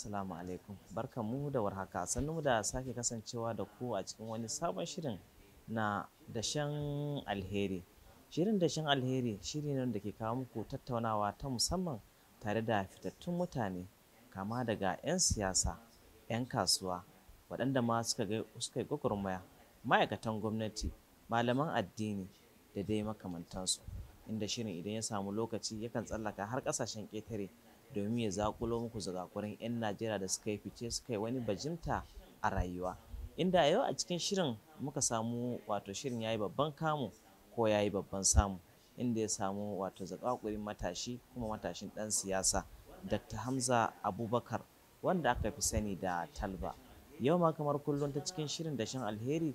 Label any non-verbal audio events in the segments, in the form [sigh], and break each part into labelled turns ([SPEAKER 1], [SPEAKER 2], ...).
[SPEAKER 1] Assalamu alaikum. mu da warhaka. Sannu da sake kasancewa da ku a cikin wani sabon shirin na dashen alheri. Shirin dashen alheri shiri ne da ke kawo muku tattaunawa ta musamman tare da fitattun mutane kama daga 'yan siyasa, 'yan kasuwa, waɗanda ma suka yi gwagwarmaya, ma'aikatan gwamnati, malaman addini da dai makamantansu. Inda shirin idan ya samu lokaci yakan tsallaka har ƙasashen ƙetare domin ya zakulo muku zagakurin 'yan Najeriya da suka yi fice suka yi wani bajinta a rayuwa. Inda yau a cikin shirin muka samu wato shirin ya yi babban kamu ko ya yi babban samu inda ya samu wato zakakurin matashi kuma matashin ɗan siyasa Dr. Hamza Abubakar wanda aka fi sani da Talba. Yau ma kamar kullum ta cikin shirin da shan alheri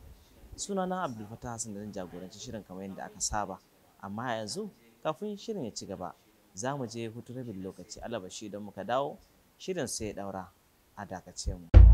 [SPEAKER 1] sunana Abdul Fatah Hassan da zan jagoranci shirin kamar yadda aka saba. Amma yanzu kafin shirin ya ci gaba za mu je hutu rabin lokaci alabashi don muka dawo shirin sai ya daura a dakace mu.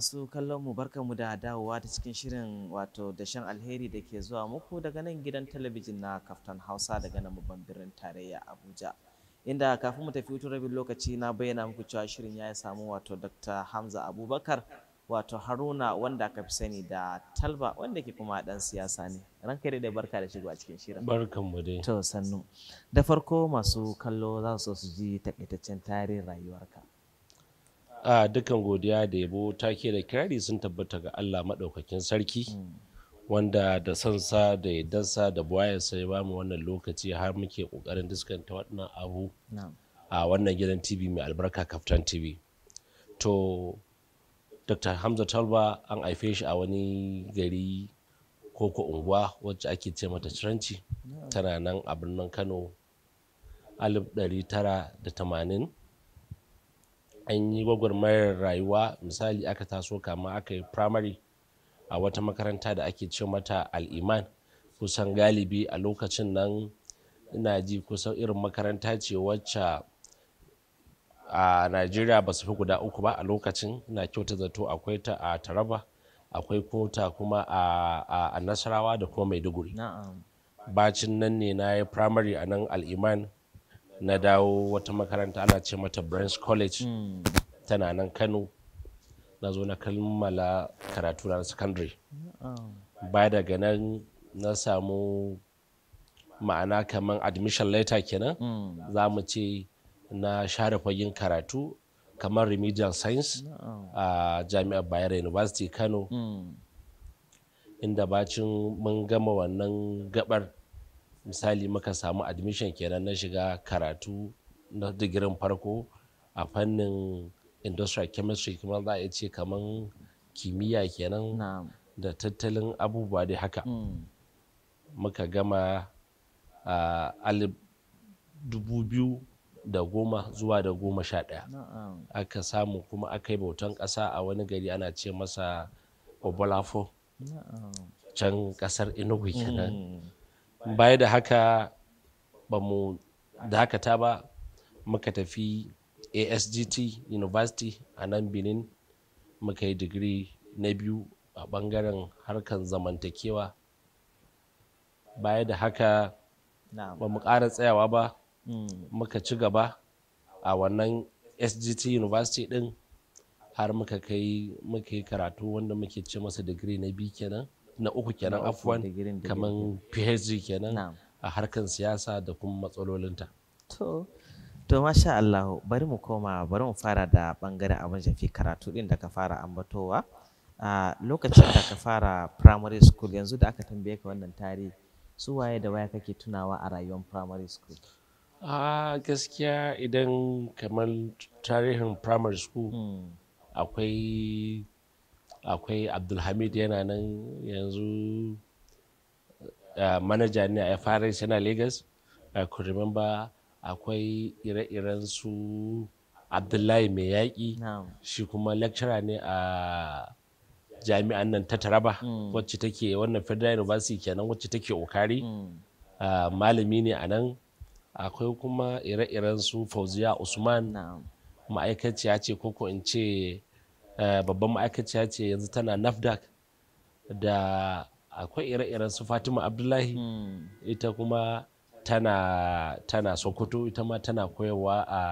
[SPEAKER 1] masu kallon mu barkamu da dawowa ta cikin shirin wato dashen alheri da ke zuwa muku daga nan gidan talabijin na kaftan hausa daga nan babban birnin tarayya abuja inda kafin mu tafi hutun rabin lokaci na bayyana muku cewa shirin ya samu wato dr hamza abubakar wato haruna wanda aka fi sani da talba wanda ke kuma dan siyasa ne ranka da barka da shigo a cikin shirin barkanmu dai to sannu da farko masu kallo za so su ji takaitaccen tarihin rayuwarka
[SPEAKER 2] a dukan godiya da yabo take da kirari sun tabbata ga Allah maɗaukakin sarki hmm. wanda da sansa da yardarsa da buwayarsa ya bamu wannan lokaci har muke ƙoƙarin diskanta wannan abu a wannan gidan tv mai albarka kaftan tv to dr hamza talba an haife shi a wani gari ko ko unguwa wacce ake ce mata ciranci tana nan a birnin kano 1980 an yi gwagwarmayar rayuwa misali aka taso kama aka yi primary a wata makaranta da ake ce mata al'iman kusan galibi a lokacin nan ina ji kusan irin makaranta ce wacce a najeriya ba su fi guda uku ba a lokacin na kyauta zato akwai ta a taraba akwai kota kuma a, nasarawa da kuma maiduguri bacin nan ne na yi primary a nan al'iman na dawo wata makaranta ana ce mata branch college hmm. tana nan kano na zo na kammala karatu na secondary ah. Ba baya daga nan na samu ma'ana kamar admission letter kenan mm. za mu ce na share fagen karatu kamar remedial science a jami'ar bayero university kano mm. inda bacin mun gama wannan gabar misali muka samu admission kenan na shiga karatu na digirin farko a fannin industrial chemistry kuma za a ce kaman kimiyya kenan da tattalin abubuwa dai haka hmm. muka gama a alif dubu biyu da goma zuwa da goma sha ɗaya aka samu kuma aka yi bautan ƙasa a wani gari ana ce masa obolafo can ƙasar enugu kenan hmm. baya da haka ba mu dakata ba muka tafi asgt university a nan benin muka yi digiri na biyu a bangaren harkar zamantakewa baya da haka ba mu ƙara tsayawa ba hmm. muka ci gaba a wannan sgt university din har muka kai muka yi karatu wanda muke ce masa digiri na biyu kenan na uku kenan afwan kamar phd kenan a harkar siyasa
[SPEAKER 1] da kuma matsalolinta to masha Allah bari mu koma bari mu fara da a abin shafi karatu din da ka fara ambatowa a lokacin da ka fara primary school yanzu da aka tambaye ka wannan tarihi su waye da waya kake tunawa a rayuwar primary school
[SPEAKER 2] a gaskiya idan kamar tarihin primary school hmm. akwai akwai abdulhamid yana nan yanzu eh, manaja ne a FRS yana Lagos I could remember akwai ire-iren su Abdullahi mai yaƙi shi kuma lecturer ne a jami'an nan ta Taraba mm. wacce take wannan Federal University kenan wacce take Okari mm. eh, malami ne a nan akwai kuma ire-iren su Fauziya Usman ma'aikaciya ce koko in ce Eh, babban ma'aikaciya ce yanzu tana nafdak da akwai ire-iren su fatima abdullahi hmm. ita kuma
[SPEAKER 1] tana sokoto ita ma tana koyarwa a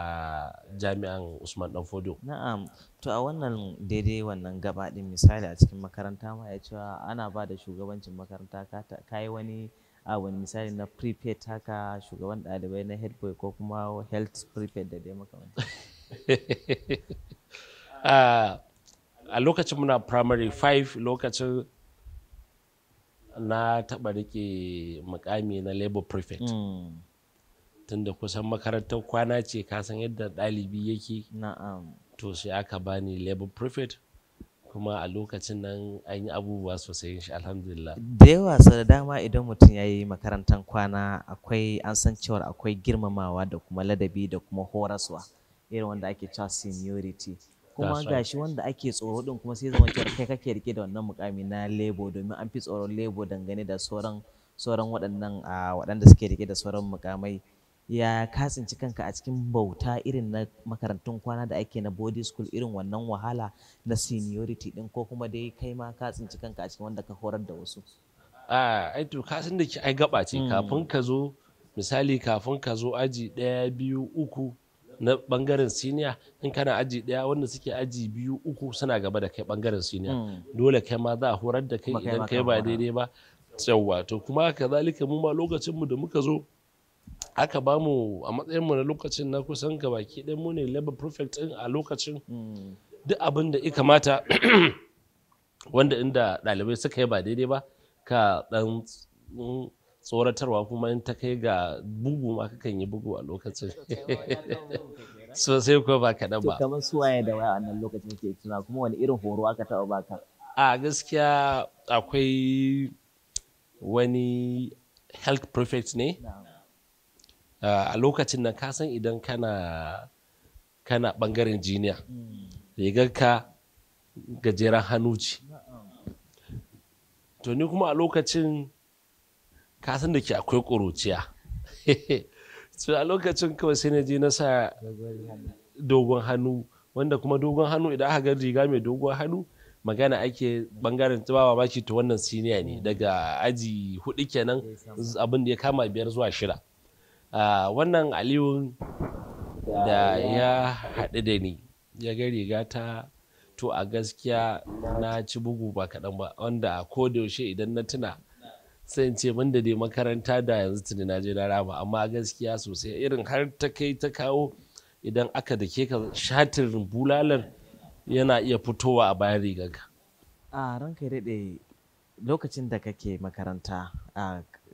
[SPEAKER 1] jami'an usman dan fodo na'am to a wannan daidai wannan gaba din misali a cikin makaranta ma ya cewa ana ba da shugabancin makaranta ka yi wani abin misali na prepaid haka shugaban ɗalibai na Head boy ko kuma health prepaid da dai makamanta
[SPEAKER 2] [laughs] ah, a lokacin muna primary 5 lokacin na taɓa rike mukami na labor prefect mm. tunda kusan makarantar kwana ce kasan yadda ɗalibi yake na'am to sai aka bani labor prefect kuma a lokacin nan an yi abubuwa sosai shi alhamdulillah da
[SPEAKER 1] yawa sau da dama idan mutum ya yi makarantar kwana akwai an san cewar akwai girmamawa da kuma ladabi da kuma horaswa irin wanda ake cewa seniority kuma ga shi wanda ake tsoro din kuma sai zama kai kake rike da wannan mukami na lebo domin an fi tsoron lebo dangane da sauran sauran waɗannan waɗanda suke rike da sauran mukamai ya kasance kanka a cikin bauta irin na makarantun kwana da ake na body school irin wannan wahala na seniority din ko kuma dai kai ma ka tsinci kanka a cikin wanda ka horar da wasu
[SPEAKER 2] a ai to ka san da ai gaba ce hmm. kafin ka zo misali kafin ka zo aji ɗaya biyu uku na bangaren siniya in kana aji daya wanda suke aji biyu uku suna gaba da kai bangaren siniya hmm. dole kai ma za a horar da kai idan kai ba daidai ba yawwa to kuma kazalika mu ma lokacin mu da muka zo aka bamu a matsayin mu na lokacin na kusan gabaki ɗayan mu ne labor perfect din a lokacin hmm. duk abin da ya kamata [clears throat] wanda inda ɗalibai suka yi ba daidai ba ka dan tsoratarwa kuma in ta kai ga bugu ma kakan yi bugu a lokacin [laughs] sosai ko ba ka ba
[SPEAKER 1] kamar waye da waya wannan lokacin ke tuna kuma wani irin horo aka taɓa baka
[SPEAKER 2] a gaskiya akwai wani health prefect ne a lokacin nan kasan idan kana kana bangaren jiniya hmm. ka gajeren hannu ce to ni kuma a lokacin ka san da ke akwai ƙuruciya so [laughs] a lokacin kawai sai na je na sa dogon hannu wanda kuma dogon hannu idan aka ga riga mai dogon hannu magana ake bangaren ba mamaki ta wannan siniya ne daga aji hudu kenan abin da ya kama biyar zuwa shida wannan Aliyu da ya haɗu da ni ya ga riga ta to a gaskiya na ci bugu ba kaɗan ba wanda ko da yaushe idan na tuna sai ce ce da dai makaranta da yanzu tuni na je na raba amma gaskiya sosai irin har ta kai ta kawo idan aka da ke ka shatin bulalar yana iya fitowa a bayan rigarka.
[SPEAKER 1] a ranka daɗe lokacin da kake makaranta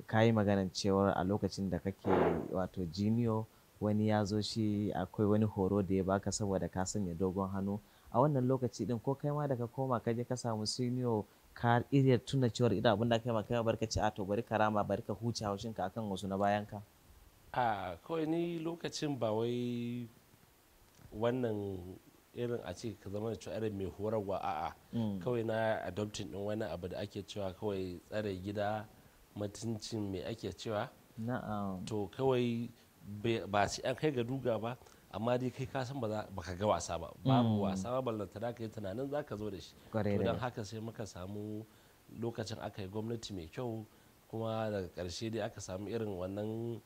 [SPEAKER 1] ka yi maganin cewar a lokacin da kake wato jiniyo wani ya zo shi akwai wani horo da ya baka saboda ka sanya dogon hannu a wannan lokaci din ko kai ma daga koma ka je ka samu senior ka iya tuna cewar idan abin da kai kai bari ka ci a to bari ka rama bari ka huce haushinka akan wasu na bayan ka
[SPEAKER 2] a kawai ni lokacin ba wai wannan irin a ce ka zama da cewa irin mai horarwa a mm. kawai na adoptin din wani abu da ake cewa kawai tsare gida mutuncin mai ake cewa to kawai ba shi an kai ga duga ba amma dai kai ka san ba ka ga wasa ba babu mm. wasa ba ballanta da yi tunanin za ka zo da shi don haka sai muka samu lokacin aka yi gwamnati mai kyau kuma daga karshe dai aka samu irin wannan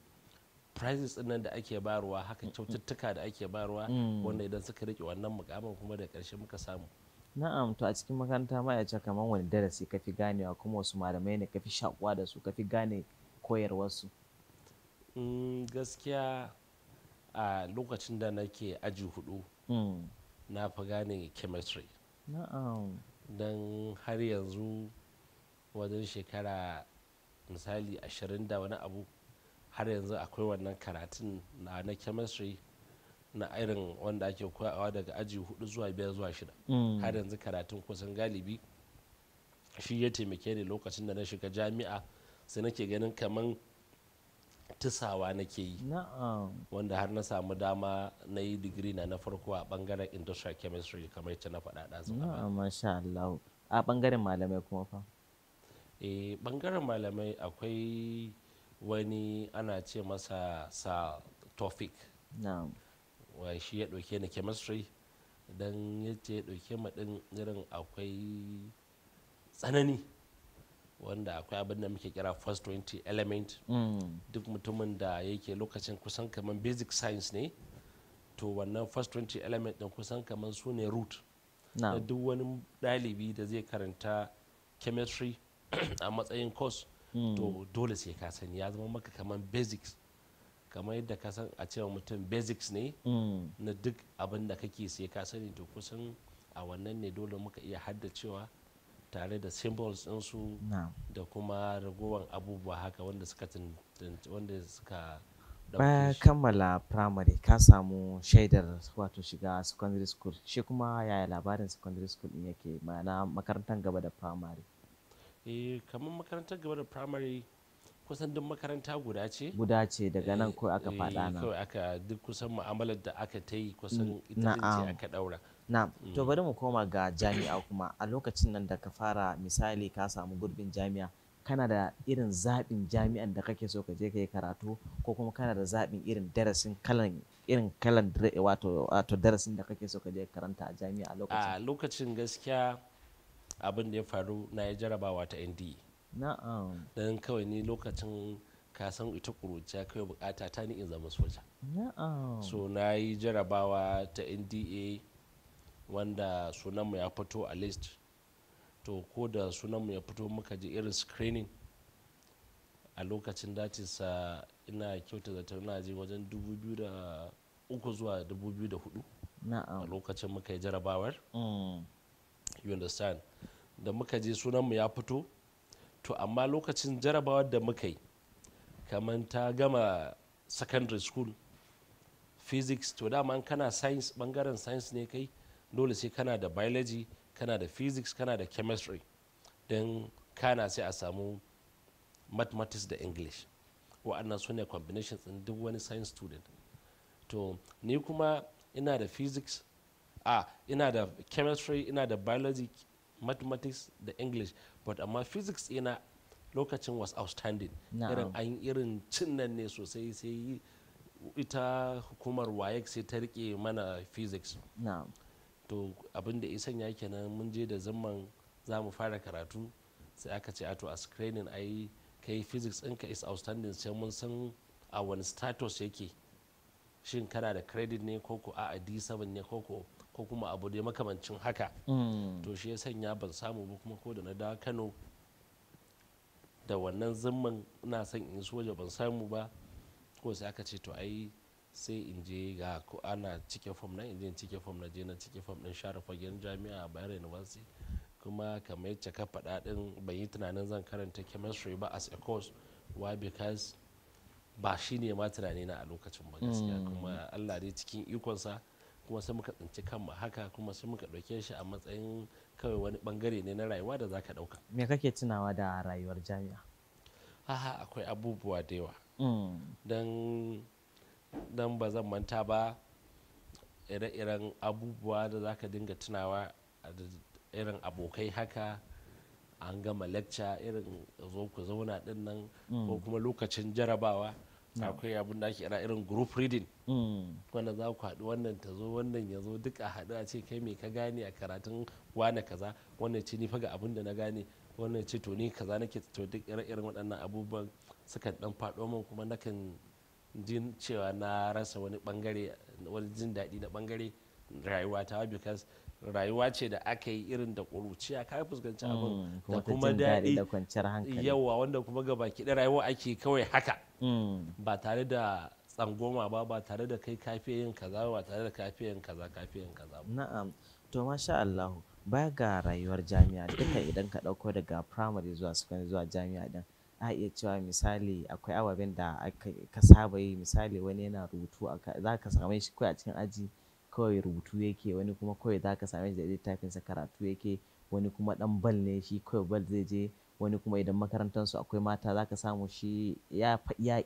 [SPEAKER 2] prizes nan da ake bayarwa haka mm, mm, kyaututtuka da ake barwa. wanda idan suka rike wannan mukamin kuma da karshe muka samu
[SPEAKER 1] na'am to a cikin makaranta ma ya ce kamar wani darasi ka fi ganewa kuma wasu malamai ne ka fi shakuwa da su ka fi gane koyarwarsu
[SPEAKER 2] gaskiya a lokacin da nake aji hudu hmm. na fi gane chemistry don har yanzu wajen shekara misali ashirin da wani abu har yanzu akwai wannan karatun na na chemistry na irin wanda ake koyawa daga aji hudu zuwa biyar zuwa shida hmm. har yanzu karatun kusan galibi shi ya taimake ni lokacin da na shiga jami'a sai nake ganin kamar. tisawa nake yi wanda har na samu dama na yi digiri na na farko a bangaren industrial chemistry kamar yadda na faɗa ɗazu
[SPEAKER 1] masha Allah a bangaren malamai kuma fa
[SPEAKER 2] eh bangaren malamai akwai wani ana ce masa sa tofik wa shi ya ɗauke ni chemistry don yace ya ɗauke mu ɗin irin akwai tsanani wanda akwai abin da muke kira first 20 element mm. duk mutumin da yake lokacin kusan kamar basic science ne to wannan first 20 element din kusan kamar su ne root na duk wani ɗalibi da zai karanta chemistry [clears throat] a matsayin course mm. to dole sai ka sani ya zama maka kamar basics kamar yadda ka san a cewa mutum basics ne mm. na duk abin da kake sai ka sani to kusan a wannan ne dole muka iya haddacewa tare da symbols ɗinsu da kuma ragowar abubuwa haka wanda suka wanda suka
[SPEAKER 1] bayan kammala primary ka samu shaidar wato shiga secondary school shi kuma yaya labarin secondary school ɗin yake ma'ana makarantar gaba da primary
[SPEAKER 2] eh kamar makarantar gaba da primary kusan duk makaranta guda ce
[SPEAKER 1] guda ce daga nan eh, ko aka faɗa eh, nan kawai
[SPEAKER 2] aka duk kusan mu'amalar da aka ta yi kusan ita ce aka ɗaura
[SPEAKER 1] na mm. to bari mu koma ga jami'a kuma a lokacin nan da ka fara misali ka samu gurbin jami'a kana da irin zaɓin jami'an da kake so ka je ka yi karatu ko kuma kana da zaɓin irin darasin kalan irin kalan wato wato darasin da kake so ka je karanta a jami'a a lokacin a
[SPEAKER 2] lokacin gaskiya abin da ya faru na ya jarabawa ta NDE na'am dan kawai ni lokacin ka san ita kuruciya kawai bukata ta ni in zama soja na'am so na yi jarabawa ta NDA e wanda sunanmu ya fito a list to ko da sunanmu ya fito muka ji irin screening a lokacin datinsa uh, ina kyauta da na ji wajen 2003 zuwa 2004 a lokacin muka yi jarabawar mm. you understand da muka ji sunanmu ya fito to amma lokacin jarabawar da muka yi kamar ta gama secondary school physics to dama kana science bangaren science ne kai dole sai kana da biology kana da physics kana da chemistry don kana sai a samu mathematics da english wa'annan su ne combinations din duk wani science student to ni kuma ina da physics a ina da chemistry ina da biology mathematics da english but amma physics ina lokacin was outstanding irin an irin cin nan ne sosai sai ita hukumar wayek sai ta rike mana physics to abin da ya sanya kenan mun je da zaman za mu fara karatu sai aka ce ato a screening ai kai physics ɗinka is outstanding sai mun san a wani status yake shin kana da credit ne ko ko a d7 ne ko ko kuma abu da makamancin haka hmm. to shi ya sanya ban samu ba kuma ko da na dawo kano da wannan zimman ina son in soja ban samu ba ko sai aka ce to ai sai in je ga ko ana cikin fom nan in je fom na je na cikin fom din share fagen jami'a a Bayero University kuma kamar yacce ka faɗa din ban yi tunanin zan karanta chemistry ba as a course why because ba shi ne ma tunani na a lokacin ba gaskiya mm. kuma Allah dai cikin ikonsa kuma sai muka tsinci kanmu haka kuma sai muka ɗauke shi a matsayin kawai wani bangare ne na rayuwa da zaka ɗauka.
[SPEAKER 1] Me kake tunawa da rayuwar jami'a?
[SPEAKER 2] Haha akwai abubuwa da yawa. Mm. Don don ba zan manta ba ire-iren abubuwa da za ka dinga tunawa irin abokai haka an gama lecture irin zo ku zauna din nan mm. ko kuma lokacin jarabawa mm. akwai abin da ake kira irin group reading mm. wanda za ku haɗu wannan ta zo wannan ya zo duk a haɗu a ce kai me ka gane a karatun wane kaza wannan ce ni fa ga abin da na gane wannan ce to ni kaza nake to duk ire-iren waɗannan abubuwan sukan dan faɗo min kuma nakan jin cewa na rasa wani bangare wani jin daɗi na bangare rayuwa ta because rayuwa ce da aka yi irin da ƙuruciya ka fuskanci mm, abin da kuma daɗi da
[SPEAKER 1] kwanciyar hankali
[SPEAKER 2] yawa wanda kuma ga baki da rayuwa ake kawai haka mm. ba tare da tsangoma ba ba tare da kai yin kaza ba tare da yin kaza yin kaza
[SPEAKER 1] na'am to masha Allah ba ga rayuwar jami'a duka idan ka dauko daga primary zuwa secondary zuwa jami'a din a iya cewa misali akwai ababen da ka saba yi misali wani yana rubutu za ka same shi kawai a cikin aji kawai rubutu yake wani kuma kawai za ka same shi da sa karatu yake wani kuma dan bal ne shi kawai bal zai je wani kuma idan makarantar su akwai mata za ka samu shi ya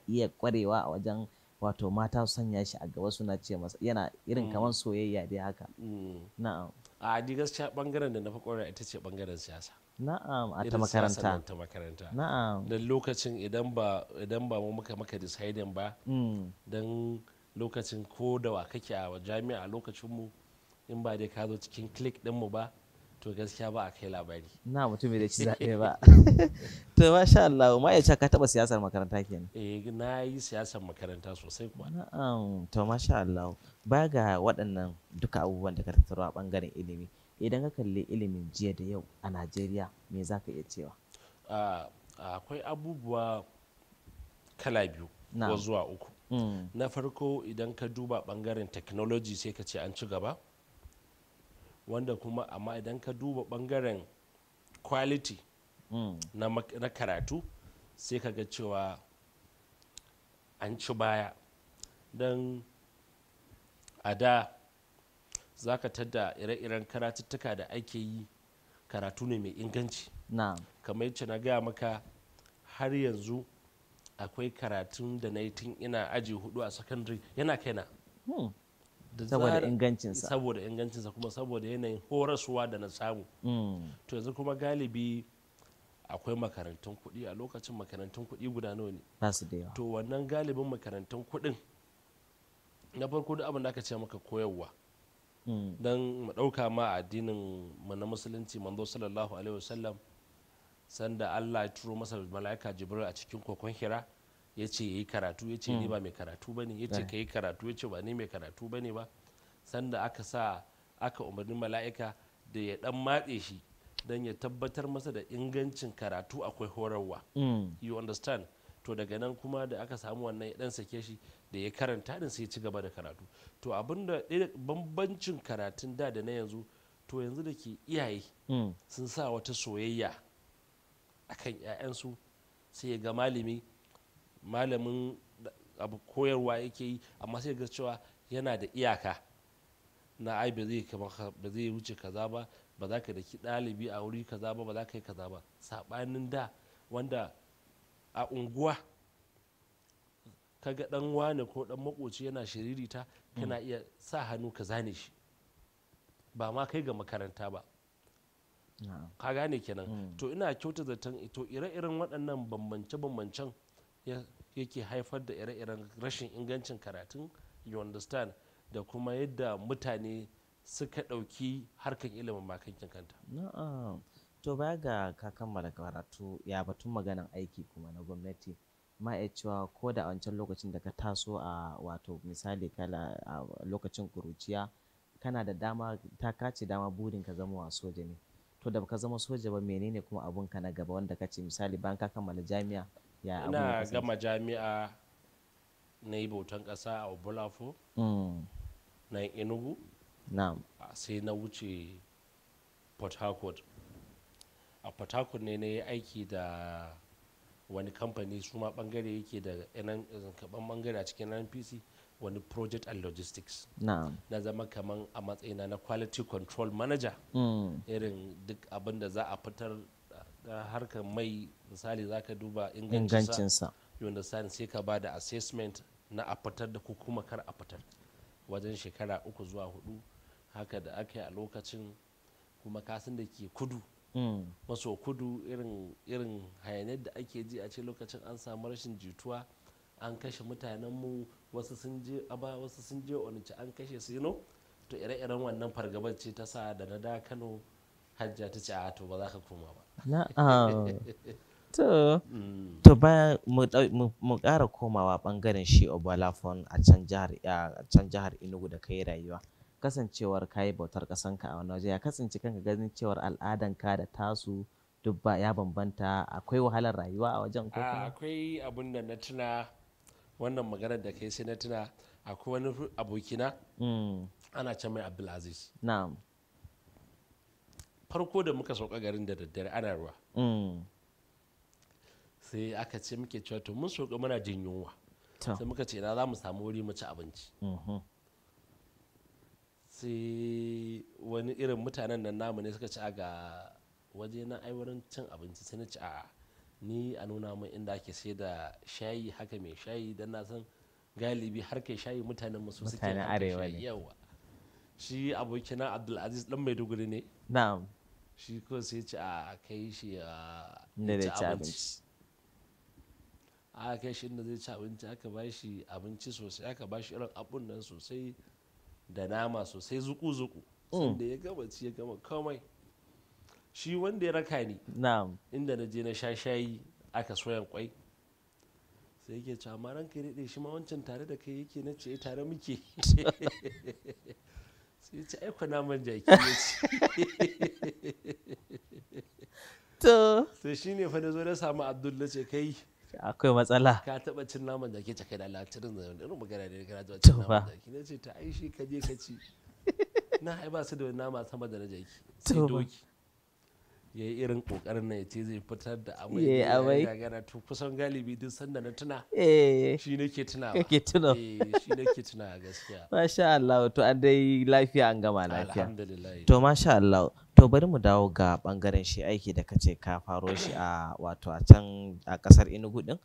[SPEAKER 1] iya kwarewa a wajen wato mata su sanya shi a gaba suna ce masa yana irin mm. kamar soyayya dai haka mm. na'am
[SPEAKER 2] a gaskiya bangaren da na fi kwarewa ita ce bangaren siyasa
[SPEAKER 1] na'am a ta makaranta ta makaranta
[SPEAKER 2] na'am dan lokacin idan ba idan ba mu muka maka deciding ba mm. dan lokacin ko da wa kake a jami'a lokacin mu in ba dai ka zo cikin click din mu ba to gaskiya ba a kai labari na mutum da ci zaɓe ba
[SPEAKER 1] [laughs] to masha Allah ma yace ka taɓa siyasar makaranta kenan
[SPEAKER 2] eh na yi siyasar makaranta sosai kuwa
[SPEAKER 1] na'am to masha Allah ba ga waɗannan duka abubuwan da ka tattaro a ɓangaren ilimi idan ka kalli ilimin jiya da yau a najeriya me za ka iya cewa
[SPEAKER 2] akwai abubuwa kala biyu ko zuwa uku hmm. na farko idan ka duba bangaren technology sai ka ce an ci gaba wanda kuma amma idan ka duba bangaren quality hmm. na, na karatu sai ka ga cewa an ci baya don a da za ka tada ire-iren karatuttuka da ake yi karatu ne mai inganci kamar yadda na gaya maka har yanzu akwai karatun da na yi tun ina aji hudu a secondary yana kaina
[SPEAKER 3] hmm. saboda ingancinsa saboda
[SPEAKER 2] ingancinsa kuma saboda yanayin horaswa da na samu hmm. to yanzu kuma galibi akwai makarantun kuɗi a lokacin makarantun kuɗi guda nawa ne to wannan galibin makarantun kuɗin na farko da abin da aka ce maka koyarwa Mm. don mu ɗauka ma addinin mu na musulunci manzo sallallahu alaihi wasallam sanda Allah ya turo masa mala'ika jibril a cikin kokon hira ya ce yi karatu ya ce ni mm. ba mai karatu ba ne ya ce eh. ka yi karatu ya ce ba ni mai karatu ba ne ba sanda aka sa aka umarni mala'ika da ya dan matse shi don ya tabbatar masa da ingancin karatu akwai horarwa mm. you understand to daga nan kuma da aka samu wannan ya dan sake shi da ya karanta din sai ya ci gaba da karatu to abinda bambancin karatun da da na yanzu to yanzu da ke iyaye mm. sun sa wata soyayya kan 'ya'yansu sai ya ga malami malamin abu koyarwa yake yi amma sai ga cewa yana da iyaka na ai ba zai ba zai wuce kaza ba ba za ka daki ɗalibi a wuri kaza ba ba za ka yi kaza ba saɓanin da wanda a unguwa kaga dan wane ko dan makoci yana shiririta kana mm. iya sa hannu ka zane shi ba ma kai ga makaranta ba ka gane kenan mm. to ina kyauta zaton to ire-iren waɗannan bambance-bambancen yake haifar da ire-iren rashin ingancin karatun you understand da kuma yadda mutane suka ɗauki harkar ilimin bakankin kanta
[SPEAKER 1] To baya ga ka kammala karatu ya batun maganan aiki kuma na gwamnati ma iya cewa ko da a wancan lokacin da ka taso a wato misali kala a lokacin kuruciya kana da dama ta kace dama burin ka zama soja ne to da baka zama soja ba menene kuma abun ka na gaba wanda kace misali bayan ka kammala jami'a ya abun ina gama
[SPEAKER 2] jami'a na yi bautan ƙasa a Obulafo mm. na Enugu na'am sai na wuce Port Harcourt a fatakun ne na yi aiki da wani kamfani su ma bangare yake da kaban bangare a cikin npc wani project and logistics na zama kamar a matsayina na quality control manager hmm. irin duk abin da za a fitar da harkar mai misali za ka duba ingancinsa yadda sani sai ka ba da assessment na a fitar da ku kuma kar a fitar wajen shekara uku zuwa hudu haka da ake a lokacin kuma kasan da ke kudu Mm. maso kudu irin hayaniyar da ake ji a ce lokacin an samu rashin jituwa an kashe mutanenmu wasu sun je aba wasu sun je an kashe su yino to ire-iren wannan fargabar ce ta sa da na da kano hajja ta ce a to ba za ka koma ba [laughs]
[SPEAKER 1] mm. to ba mu kara komawa ɓangaren shi obalafon a can jihar enugu da kai rayuwa kasancewar ka yi bautar ƙasanka a wani waje ya kasance kanka ganin cewar al'adanka da tasu duk ba ya bambanta akwai wahalar rayuwa a wajen ko
[SPEAKER 2] akwai abun da na tuna wannan maganar da kai sai na tuna akwai wani abokina hmm. ana can mai abdulaziz na'am farko da muka sauka garin da daddare ana ruwa hmm. sai aka ce muke cewa to mun sauka muna jin yunwa sai muka ce ina za mu samu wuri mu ci abinci mhm. sai wani irin mutanen nan namu ne suka ci a ga waje na aiwarin cin abinci sai na ci a ni a nuna min inda ake sai da shayi haka mai shayi don na san galibi har kai shayi mutanen musu suke arewa ne yawa shi abokina abdulaziz dan maiduguri ne shi ko sai ah, ci a kai shi a ci abinci a kai shi inda zai ci abinci aka ba shi abinci sosai aka ba shi irin abun nan sosai da nama sosai zuku-zuku mm. da ya gama ya gama komai shi wanda ya raka ni inda na je na sha shayi aka soyan kwai sai yake cewa amma ranka ya daɗe shi ma wancan tare da kai yake na ce eh, tare muke [laughs] sai ya ce aiko naman jaki ya ce [laughs] to sai ne fa na zo na samu abdullace kai akwai matsala ka taba cin naman jaki ta kai da latirin da irin magana da ka taba cin naman jaki na ce ta aishi ka je ka ci [laughs] na haiba su da nama sama da na jaki
[SPEAKER 3] sai doki
[SPEAKER 2] ya yi irin kokarin na ya ce zai fitar da amai ya yi gagara to kusan galibi duk sanda na tuna eh. shi ke tuna ke eh, tuna
[SPEAKER 1] shi ke tuna gaskiya [laughs] masha Allah to an dai lafiya an gama lafiya alhamdulillah to masha Allah to bari mu dawo ga bangaren shi aiki da ka ce ka faro shi a wato a can a kasar Enugu din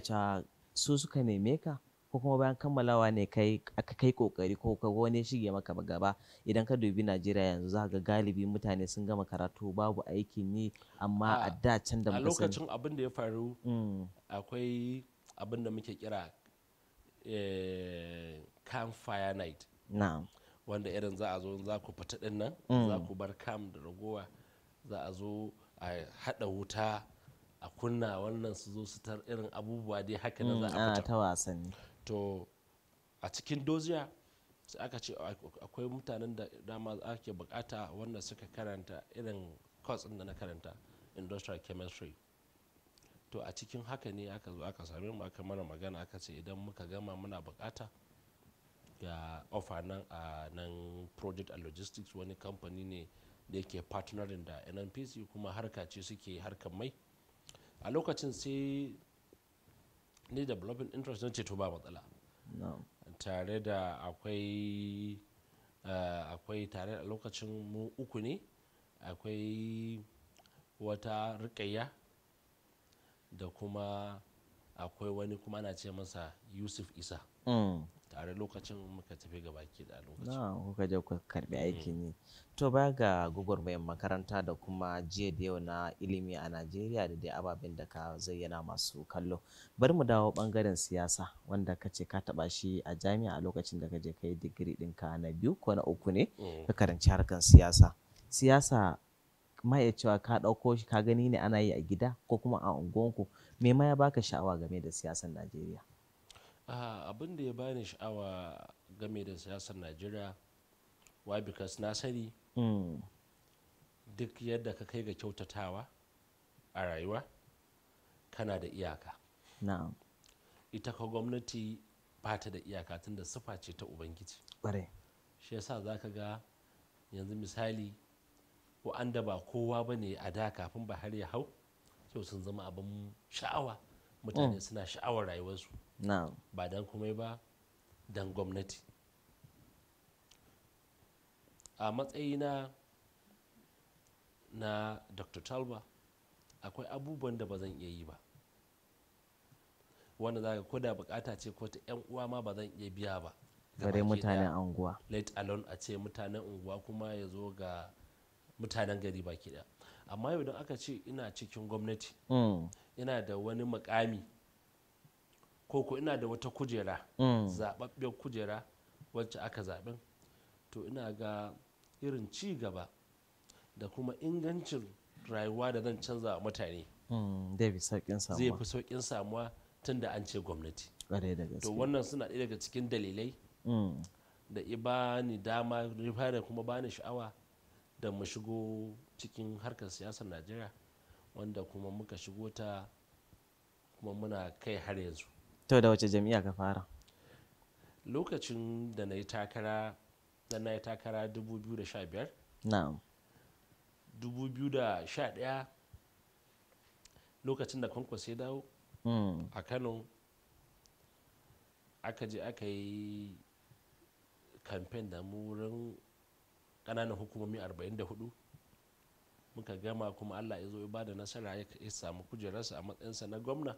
[SPEAKER 1] ca su suka neme ka ko kuma bayan kammalawa ne kai aka kai kokari ko ka wani shige maka gaba idan ka dubi Najeriya yanzu za ga galibi mutane sun gama karatu babu aikin yi amma a da can da a lokacin
[SPEAKER 2] abin da ya faru mm. akwai abin da muke kira eh, campfire night na'am wanda irin za a zo za ku fita din nan mm. za ku bar Camp da ragowa za a zo a hada wuta a kunna wannan su zo su tar irin abubuwa dai haka da za a mm, fita
[SPEAKER 1] ta wasanni to
[SPEAKER 2] a cikin doziya sai aka ce akwai mutanen da dama ake bukata wanda suka karanta irin course da na karanta industrial chemistry to a cikin haka ne aka zo aka sami mu aka mana magana aka ce idan muka gama muna bukata ga offer nan a nan project and logistics wani kamfani ne da yake partnering da nnpc kuma harka ce suke harkar mai a lokacin sai ni developing interest na ceto ba matsala tare da akwai eh, akwai tare a lokacin mu uku ne akwai wata rikayya da kuma akwai wani kuma ana ce masa yusuf isa mm. tare lokacin muka tafi ga baki da lokacin
[SPEAKER 1] kuka je ku karbi mm. aiki ne to baya ga mai makaranta da kuma jiya da yau na ilimi a najeriya da dai ababen da ka zayyana masu kallo bari mu dawo bangaren siyasa wanda ka ce ka taba shi a jami'a a lokacin da ka je kai digiri ɗinka na biyu ko na uku ne mm. ka karanci harkan siyasa siyasa ma ya cewa ka ɗauko shi ka gani ne ana yi a gida ko kuma a unguwanku me ma ya baka sha'awa game da siyasar najeriya
[SPEAKER 2] Ah, abin da ya bani sha'awa game da siyasar najeriya why because na sani hmm. duk yadda ka kai ga kyautatawa a rayuwa kana da iyaka ita ka gwamnati ba ta da iyaka tun da sufa ce ta ubangiji shi yasa za ka ga yanzu misali wa'anda ba kowa ba ne a da kafin ba har ya hau yau sun zama abin sha'awa mutane mm. suna sha'awar rayuwarsu ba don komai ba don gwamnati a matsayina na dr talba akwai abubuwan da ba zan iya yi ba wanda za ka koda bukata ce ko ta 'yan uwa ma ba zan iya biya ba
[SPEAKER 1] gare mutanen unguwa
[SPEAKER 2] let alone a ce mutanen unguwa kuma ya zo ga mutanen gari baki daya amma yau idan aka ce ina cikin gwamnati mm. ina da wani mukami ko ko ina da wata kujera mm. zababbiyar kujera wacce aka zaɓin to ina ga irin ci gaba da kuma ingancin rayuwa da zan canza wa mutane
[SPEAKER 1] mm, zai fi sauƙin
[SPEAKER 2] samuwa tun da an ce gwamnati to wannan suna ɗaya daga cikin dalilai mm. da ibani dama da kuma bani sha'awa da mu shigo cikin harkar siyasar najeriya wanda kuma muka shigo ta kuma muna kai har yanzu
[SPEAKER 1] to da wace jami'a ka fara
[SPEAKER 2] lokacin da na yi takara da na yi takara 2015 na'am 2011 lokacin da kwankwas ya dawo mm. a kano aka je aka yi kamfen da murin wurin ƙananan hukumomi 44 muka gama kuma allah ya zo ya bada nasara ya samu kujerarsa a matsayinsa na gwamna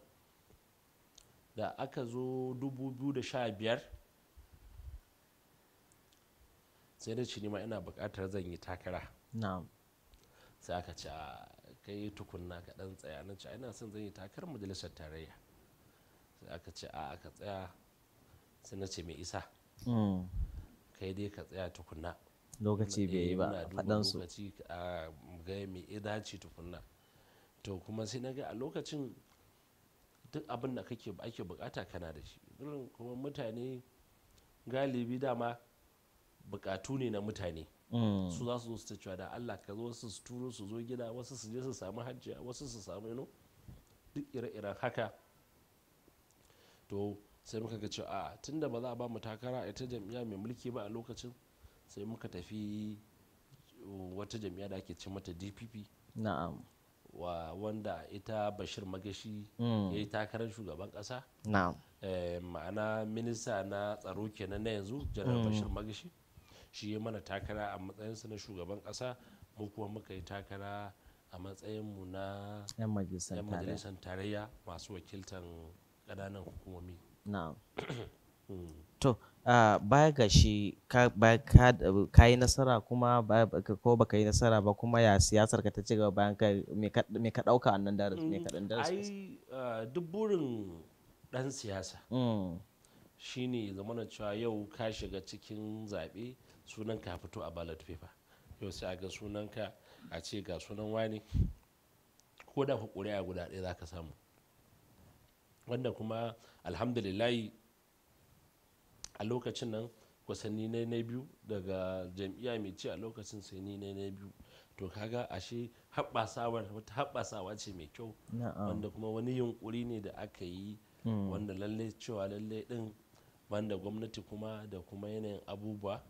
[SPEAKER 2] da aka zo 2015 sai da ci ma ina bukatar zan yi takara sai aka ce ah, kai tukunna ka dan tsaya na ce ina son zan yi takarar majalisar tarayya sai aka ce a ah, aka tsaya sai na ce mai isa mm. kai dai ka tsaya tukunna
[SPEAKER 3] lokaci bai yi eh, ba faɗan su
[SPEAKER 2] lokaci a ga mai idaci tukunna to kuma sai na ga a lokacin duk abin da kake ake bukata kana da shi kuma mutane galibi dama bukatu ne na mutane mm. su za su zo su ta cewa da Allah ka zo wasu su turo su zo gida wasu su je su samu hajjiya wasu su samu ino duk ire-iren haka to sai muka ga cewa a tunda ba za a ba mu takara a ita jam'iyya mai mulki ba a lokacin sai muka tafi uh, wata jami'a da ake ce mata dpp na'am wa wanda ita bashir magashi mm. ya yi takarar shugaban kasa na'am eh, ma'ana minista na tsaro kenan na yanzu janar mm. bashir magashi shi ya mana takara a matsayinsa na shugaban kasa mu kuma muka yi takara a matsayinmu na
[SPEAKER 1] 'yan majalisar
[SPEAKER 2] tarayya masu wakiltan ƙananan hukumomi
[SPEAKER 1] na'am [coughs] hmm. to baya ga shi ka yi nasara kuma ko baka yi nasara ba kuma ya siyasar ka ta ci gaba bayan me ka ɗauka annan daris me ka
[SPEAKER 2] mm, ai duk burin dan siyasa mm. shine zamana cewa yau ka shiga cikin zaɓe sunan ka fito a ballot paper yau sai a ga sunan ka a ce ga sunan wani ko da ka ƙuri'a guda ɗaya za samu wanda kuma alhamdulillahi a lokacin nan wasanni ne na biyu daga jam'iyya mai ci a lokacin sai ni ne na biyu to kaga ashe haɓasawar wata haɓasawa ce mai kyau wanda kuma wani yunkuri ne da aka yi hmm. wanda lalle cewa lalle din banda gwamnati kuma da kuma yanayin abubuwa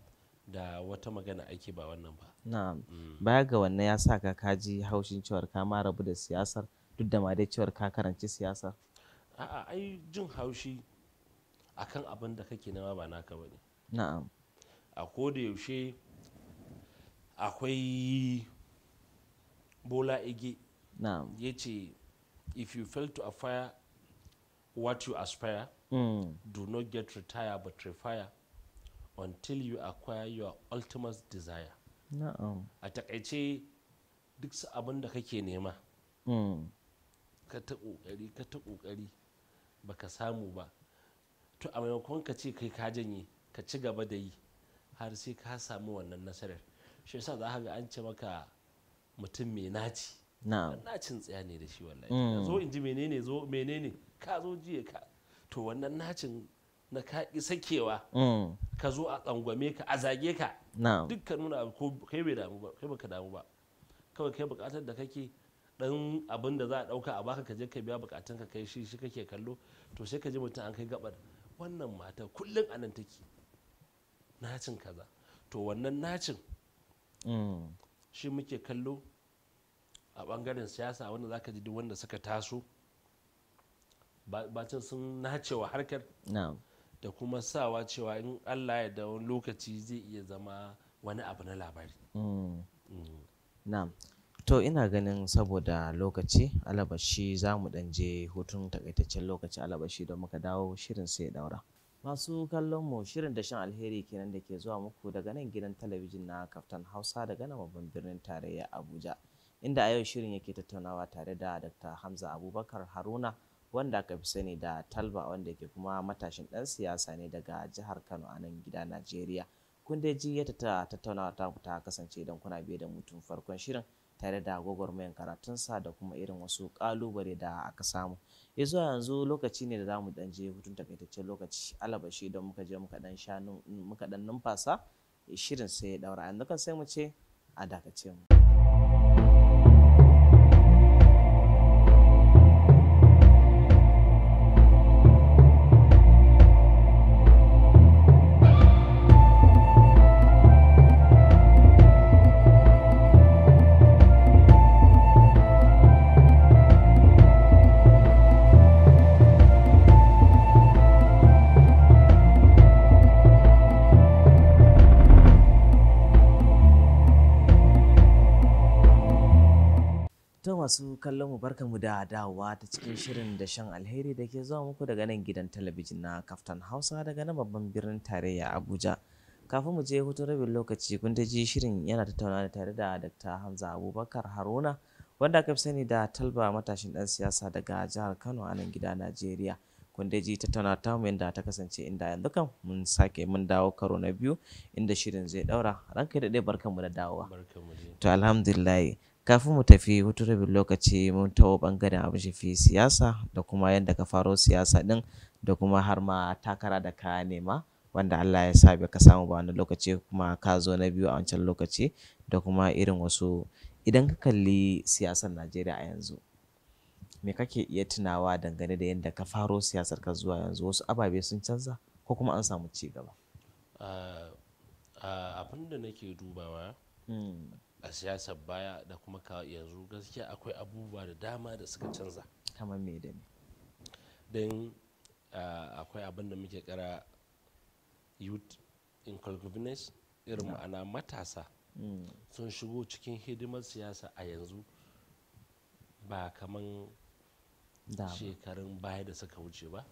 [SPEAKER 2] da wata magana ake ba wannan ba
[SPEAKER 3] na'am
[SPEAKER 1] hmm. baya ga wannan ya sa ka kaji haushin cewar ka ma rabu da siyasar duk da ma dai cewar ka karanci siyasar
[SPEAKER 2] a'a ai jin haushi akan abin da kake nema ba naka ba ne na'am a koda yaushe akwai bola ige na'am ya ce if you fail to acquire what you aspire mm. do not get retire but refire until you acquire your ultimate desire na'am a takaice duk abin da kake nema hmm. ka ta kokari ka ta kokari baka samu ba to a maimakon ka ce kai ka janye ka ci gaba da yi har sai ka samu wannan nasarar shi yasa za ka ga an ce maka mutum mai naci
[SPEAKER 3] nacin
[SPEAKER 2] tsaya ne da shi wallahi zo mm. in ji menene zo menene ka zo jiya ka to wannan nacin na ka sakewa mm. ka zo a tsangwame ka a zage ka duk ka nuna ko kai bai damu ba kai baka damu ba kawai kai bukatar da kake dan abin da za a dauka a baka ka je ka biya bukatun ka kai shi shi kake kallo to sai ka ji mutum an kai gabar wannan mata kullum a nan take nacin kaza to wannan nacin mm. shi muke kallo a bangaren siyasa wanda zaka ji duk wanda suka taso bacin sun nacewa harkar da kuma sawa cewa in allah ya da lokaci zai iya zama wani abu na labari
[SPEAKER 1] mm. Mm. na'am To ina ganin saboda lokaci alabashi za mu ɗan je hutun takaitaccen lokaci alabashi don muka dawo shirin sai ya ɗaura. Masu kallon mu shirin da shan alheri kenan da ke zuwa muku daga nan gidan talabijin na Kaftan Hausa daga nan babban birnin tarayya Abuja. Inda a yau shirin yake tattaunawa tare da Dr. Hamza Abubakar Haruna wanda aka fi sani da Talba wanda ke kuma matashin ɗan siyasa ne daga jihar Kano a nan gida Najeriya. Kun dai ji ya tattaunawa ta kasance idan kuna biye da mutum farkon shirin. tare da gwagwarmayan karatunsa da kuma irin wasu kalubale da aka samu ya zuwa yanzu lokaci ne da za mu dan je hutun takaitaccen lokaci alabashi don muka je muka dan sha muka dan numfasa shirin sai ya daura yanzu kan sai mu ce a dakace mu kallon mu barka mu da dawowa ta cikin shirin da shan alheri da ke zuwa muku daga nan gidan talabijin na kaftan hausa daga nan babban birnin tarayya abuja kafin mu je hutun rabin lokaci kun ji shirin yana tattauna da tare da dr hamza abubakar haruna wanda aka fi sani da talba matashin dan siyasa daga jihar kano a nan gida najeriya kun ta ji tattauna ta mu yadda ta kasance inda yanzu kan mun sake mun dawo karo na biyu inda shirin zai daura ranka da dai barkan mu da dawowa to alhamdulillah kafin mu tafi hutu rabin lokaci mun taɓa ɓangaren abin shafi siyasa da kuma yadda ka faro siyasa din da kuma har ma takara da ka nema wanda Allah ya sa ka samu ba wani lokaci kuma ka zo na biyu a wancan lokaci da kuma irin wasu idan ka kalli siyasar Najeriya a yanzu me kake iya tunawa dangane da yadda ka faro siyasar ka zuwa yanzu wasu ababe sun canza ko kuma an samu ci gaba
[SPEAKER 2] ah, ah, abin da nake dubawa
[SPEAKER 1] hmm.
[SPEAKER 2] a siyasar baya da kuma ka yanzu gaskiya akwai abubuwa da dama da suka canza kamar me da don akwai abin da muke kara youth inclusiveness irin ma'ana matasa mm. sun shigo cikin hidimar siyasa a yanzu ba kaman shekarun baya da suka wuce ba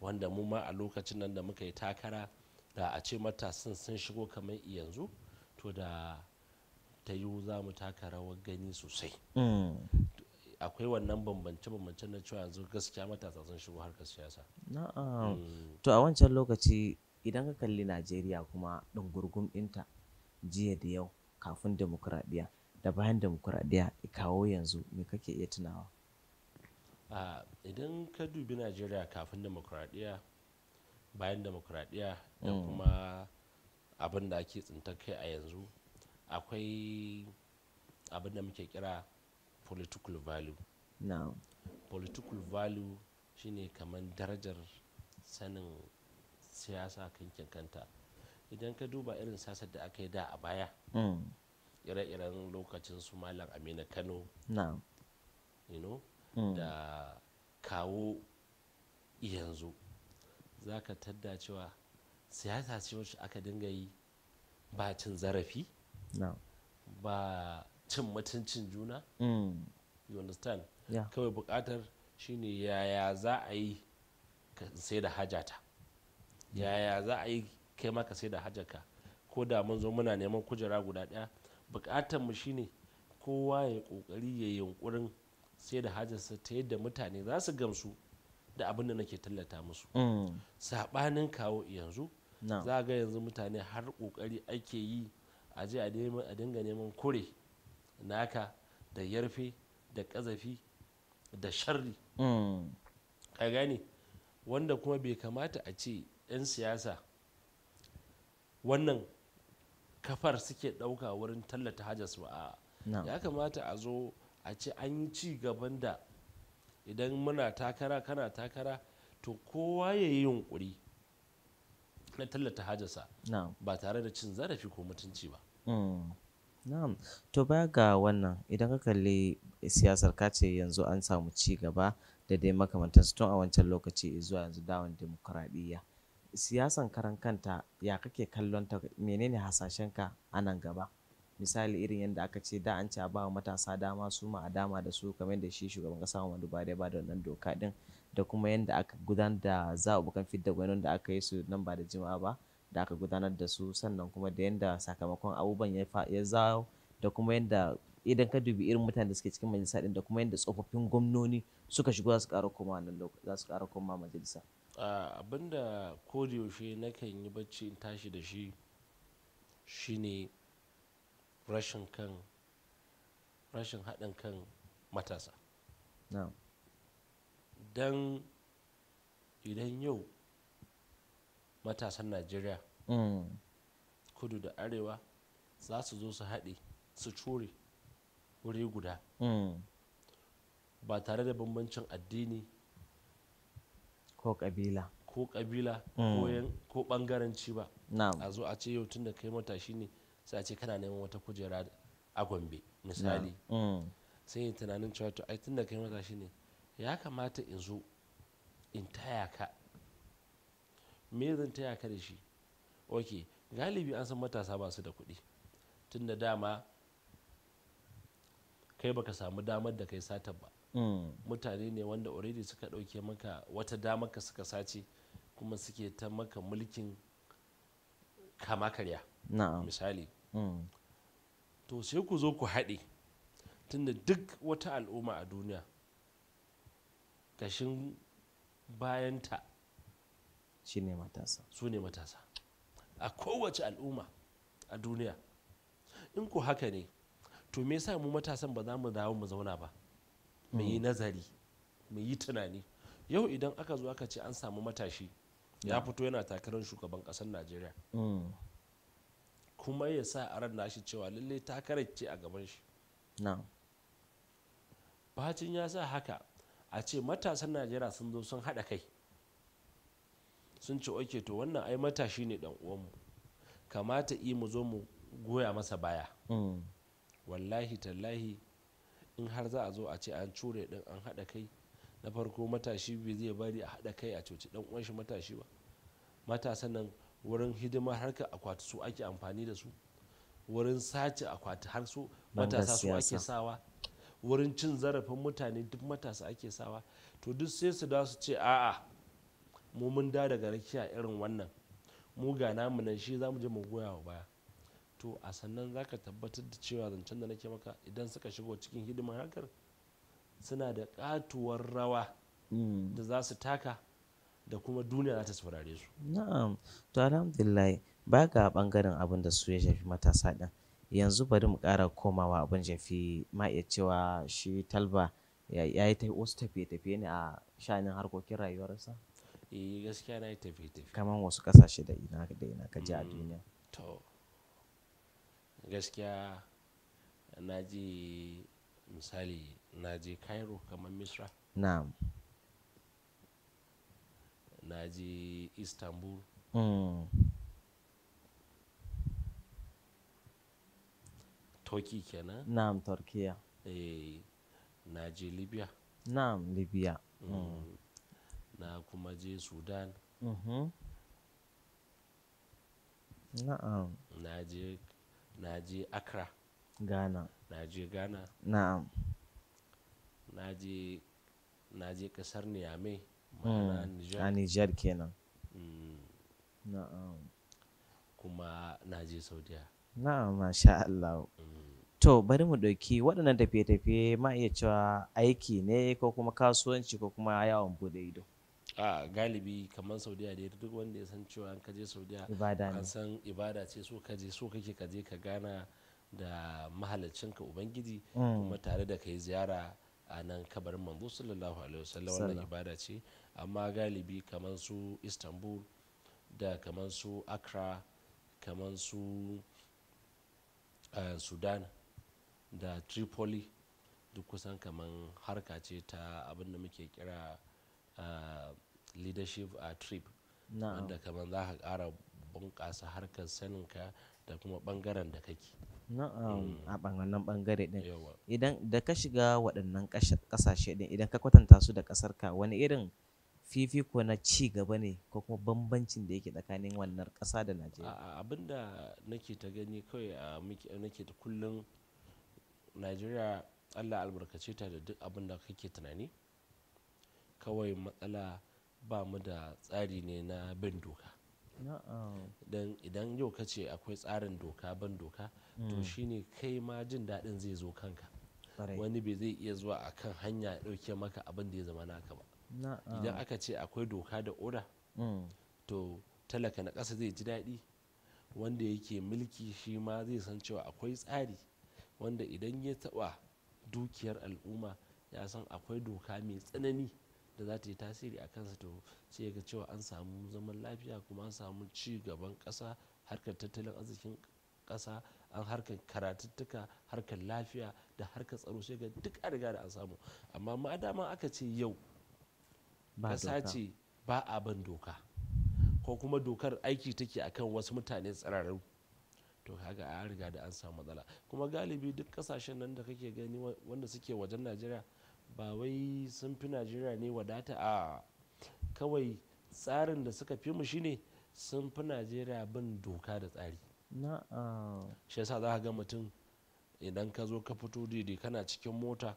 [SPEAKER 2] wanda mu ma a lokacin nan da muka yi takara da a ce matasan sun shigo kamar yanzu to da ta yiwu za mu taka rawar gani sosai mm. akwai wannan bambance-bambance na cewa yanzu gaskiya matasa sun shigo harkar siyasa
[SPEAKER 1] mm. to a wancan lokaci idan ka kalli najeriya kuma gurgun ɗinta jiya da yau kafin demokuraɗiyya da bayan demokuraɗiyya kawo yanzu me kake iya tunawa
[SPEAKER 2] idan ka dubi najeriya kafin demokuraɗiyya bayan demokuraɗiyya da mm. kuma abin da ake tsinta kai a yanzu akwai abin da muke kira political value no. political value shine kamar darajar sanin siyasa kankin kanta idan ka duba irin sasar da aka yi da a baya mm. ire-iren lokacin su malam amina kano no. you know, mm. da kawo yanzu za ka tadda cewa siyasa ce wacce aka dinga yi ba cin zarafi ba cin mutuncin juna mm. you understand kawai bukatar shine yaya za a yi ka sai da hajata yaya za a yi kai maka ka sai da hajaka ko da mun zo muna neman kujera guda daya bukatar mu shine kowa ya kokari ya yunkurin sai da hajarsa ta yadda mutane za su gamsu da abin da nake tallata musu mm. saɓanin kawo yanzu za ga yanzu mutane har kokari ake yi a je a dinga neman kure naka da yarfe da kazafi da sharri mm. ka gane wanda kuma bai kamata a ce 'yan siyasa wannan kafar suke ɗauka wurin tallata hajjas ba ya kamata a zo a ce an yi ci gaban da idan muna takara kana takara to kowa ya yi yunƙuri na tallata hajarsa ba tare da cin zarafi ko mutunci ba
[SPEAKER 1] hmm. na'am to baya ga wannan idan ka kalli siyasar ka ce yanzu an samu ci gaba da dai makamantar tun a wancan lokaci zuwa yanzu dawon demokuraɗiyya siyasan karan kanta ya kake kallon ta menene ka a nan gaba misali irin yadda aka ce da an ci a ba matasa dama su ma a dama da su kamar da shi shugaban kasa Muhammadu Buhari ba da wannan doka din da kuma yadda aka gudanar da zaɓuɓɓukan fidda gwanon da aka yi su nan ba da jima'a ba da aka gudanar da su sannan kuma da yadda sakamakon abubuwan ya zawo da kuma yadda idan ka dubi irin mutanen da suke cikin majalisa din da kuma yadda tsofaffin gwamnoni suka shigo za su ƙara koma nan za su ƙara koma majalisa.
[SPEAKER 2] abin da yaushe nakan yi bacci in tashi da shi shine rashin kan rashin haɗin kan matasa. don idan yau matasan najeriya mm. kudu da arewa za su zo su haɗe su cure wuri guda mm. ba tare da bambancin addini
[SPEAKER 1] ko ƙabila
[SPEAKER 2] ko ƙabila ko mm. ɓangaranci ba a zo a ce yau tun da kai matashi ne sai a ce kana neman wata kujera a gombe misali sai tunanin cewa to ai tun da kai matashi ne ya kamata in zo in taya ka me zan taya ka da shi ok galibi an san matasa ba su da kuɗi tun da dama kai baka samu damar da kai satar ba mm. mutane ne wanda already suka ɗauke maka wata damar ka suka sace kuma suke ta maka mulkin kama karya misali mm. to sai ku zo ku haɗe tunda duk wata al'umma a duniya kashin bayanta shi ne matasa su ne matasa a kowace al'umma a duniya in ku haka ne to me yasa mu matasan ba za mu dawo mu zauna ba mu yi mm. nazari mu yi tunani yau idan aka zo aka ce an samu matashi ya fito yana takarar shugaban ƙasar najeriya mm. kuma ya sa a ran nashi cewa lallai takarar ce a gaban shi bacin ya sa haka a ce matasan najeriya sun zo sun haɗa kai sun ce oke to wannan ai matashi ne dan uwanmu kamata i mu zo mu goya masa baya mm. wallahi tallahi in har za a zo a ce an cure din an haɗa kai na farko matashi bai zai bari a haɗa kai a coci dan uwan shi matashi ba matasan nan wurin hidimar harka akwati su ake amfani da su wurin sace akwati har su matasa su ake sawa wurin cin zarafin mutane duk matasa ake sawa to duk sai su da su ce a'a mu mun da daga rakiya irin wannan mu ga namu nan shi za mu je mu goya wa baya to a sannan za ka tabbatar da cewa zancen da nake maka idan suka shigo cikin hidimar hakar suna da katuwar rawa mm. da za su taka da kuma duniya za ta saurare su
[SPEAKER 1] na'am to alhamdulillah ba ga bangaren abin da su ya shafi matasa din yanzu bari mu ƙara komawa abin jafi ma iya cewa shi talba ya yi wasu tafiye-tafiye ne a sha'anin harkokin rayuwarsa
[SPEAKER 2] eh gaskiya na yi
[SPEAKER 1] tafiye-tafiye kamar wasu ƙasashe da ina da ina ka ji a mm, duniya
[SPEAKER 2] to gaskiya na ji misali na je cairo kamar misra na'am na ji istanbul mm. turkey kenan
[SPEAKER 1] na'am turkiya
[SPEAKER 2] eh na je libya
[SPEAKER 1] na'am libya mm.
[SPEAKER 2] na kuma je sudan
[SPEAKER 3] mhm. na'am
[SPEAKER 2] na je accra ghana na je ghana na'am na je kasar niamey
[SPEAKER 1] mm. ma'ana niger kenan
[SPEAKER 2] mm. na'am kuma na je saudiya
[SPEAKER 1] Na'am, masha Allah. To bari mu ɗauki waɗannan tafiye-tafiye ma iya cewa aiki ne ko kuma kasuwanci ko kuma yawon buɗe ido.
[SPEAKER 2] a galibi kamar saudiya da duk wanda ya san cewa an kaje saudiya an san ibada ce so kaje so kake kaje ka gana da ka ubangiji mm. kuma tare da kai ziyara a nan kabarin manzo sallallahu alaihi wasallam wannan ibada ce amma galibi kamar su istanbul da kamar su accra kamar su Eh, sudan da tripoli duk kusan kaman harka ce ta abin da muke kira eh, leadership a eh, trip wanda za ka kara bunƙasa harkar saninka da kuma ɓangaren da kake
[SPEAKER 1] mm. a wannan ɓangare din idan da ka shiga waɗannan ƙasashe ɗin idan ka kwatanta su da ƙasarka wani irin fifiko na ci gaba ne ko kuma bambancin da yake tsakanin wannan ƙasa da najeriya
[SPEAKER 2] abinda nake ta gani kawai a nake ta kullun najeriya allah albarkace ta da duk abin da kake tunani kawai matsala ba mu da tsari ne na bin doka don idan yau ka ce akwai tsarin doka ban doka to mm. shine kai ma jin daɗin zai zo kanka wani bai zai iya zuwa akan hanya ya ɗauke maka abin da ya zama naka ba idan aka ce akwai doka da oda mm. to talaka na ƙasa zai ji daɗi wanda yake mulki shi ma zai san cewa akwai tsari wanda idan ya taɓa dukiyar al'umma ya san akwai doka mai tsanani da za ta yi tasiri a kansa to sai ga cewa an samu zaman lafiya kuma an samu ci gaban kasa harkar tattalin arzikin ƙasa an harkar karatuttuka harkar lafiya da harkar tsaro sai ga duk a riga da an samu amma ma dama aka ce yau
[SPEAKER 1] ƙasa ce
[SPEAKER 2] ba a ban doka ko kuma dokar aiki take akan wasu mutane tsararru to kaga a riga da an samu matsala kuma galibi duk kasashen nan da kake gani wanda suke wajen najeriya ba wai sun fi najeriya ne wadata a kawai tsarin da suka fi mu shine sun fi najeriya bin doka da tsari shi yasa za ka ga mutum idan ka zo ka fito daidai kana cikin mota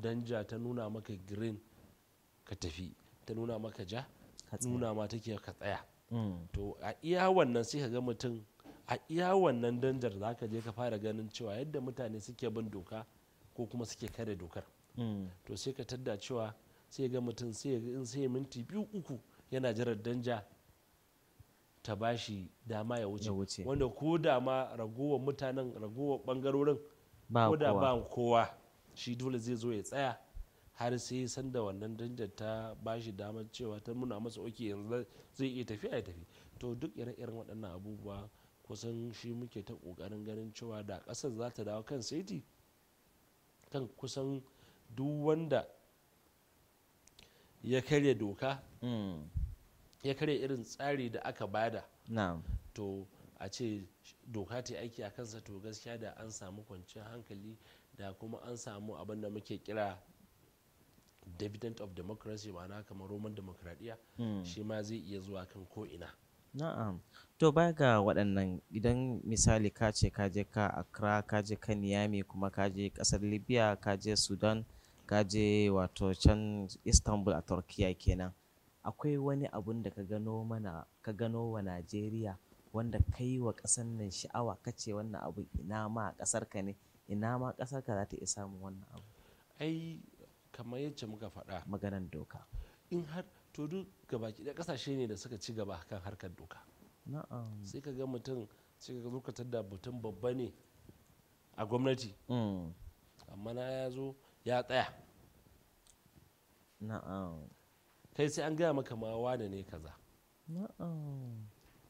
[SPEAKER 2] danja ta nuna maka green ka tafi ta nuna maka ja nuna ma take ka tsaya
[SPEAKER 3] mm. to
[SPEAKER 2] a iya wannan sai ka ga mutum a iya wannan danjar za ka je ka fara ganin cewa yadda mutane suke bin doka ko kuma suke kare dokar mm. to sai ka tadda cewa sai ga mutum sai in sai minti biyu uku yana jarar danja ta bashi dama ya wuce wanda ko da ma ragowar mutanen ragowar bangarorin
[SPEAKER 1] ko da ba
[SPEAKER 2] kowa shi dole zai zo ya tsaya har sai sanda wannan danjar ta ba shi damar cewa ta muna masa oke yanzu zai iya tafiya ya tafi to duk ire-iren waɗannan abubuwa kusan shi muke ta ƙoƙarin ganin cewa da ƙasar za ta dawo kan saiti kan kusan duk wanda ya karya doka hmm. ya karya irin tsari da aka bada to a ce doka ta aiki a kansa to gaskiya da an samu kwanciyar hankali da kuma an samu abin da muke kira dividend of democracy ma'ana kamar roman demokradiyya hmm. shi ma zai iya zuwa kan ko'ina
[SPEAKER 1] na'am to baya ga waɗannan idan misali ka ce ka je ka accra ka je ka niyami kuma ka je ƙasar libya ka je sudan ka je wato can istanbul a turkiya kenan akwai wani abun da ka gano wa najeriya wanda kai wa ƙasar nan sha'awa kace wannan abun ina ma a ƙasar ka ne ina ma ƙasar ka za ta iya samun wannan abu
[SPEAKER 2] ai kamar yadda muka faɗa maganan doka in har to duk gabaki da ƙasashe ne da suka ci gaba kan harkar doka sai ka ga mutum sai ka zo da mutum babba ne a gwamnati mm. amma na ya zo ya tsaya kai sai an gaya maka ma wane ne kaza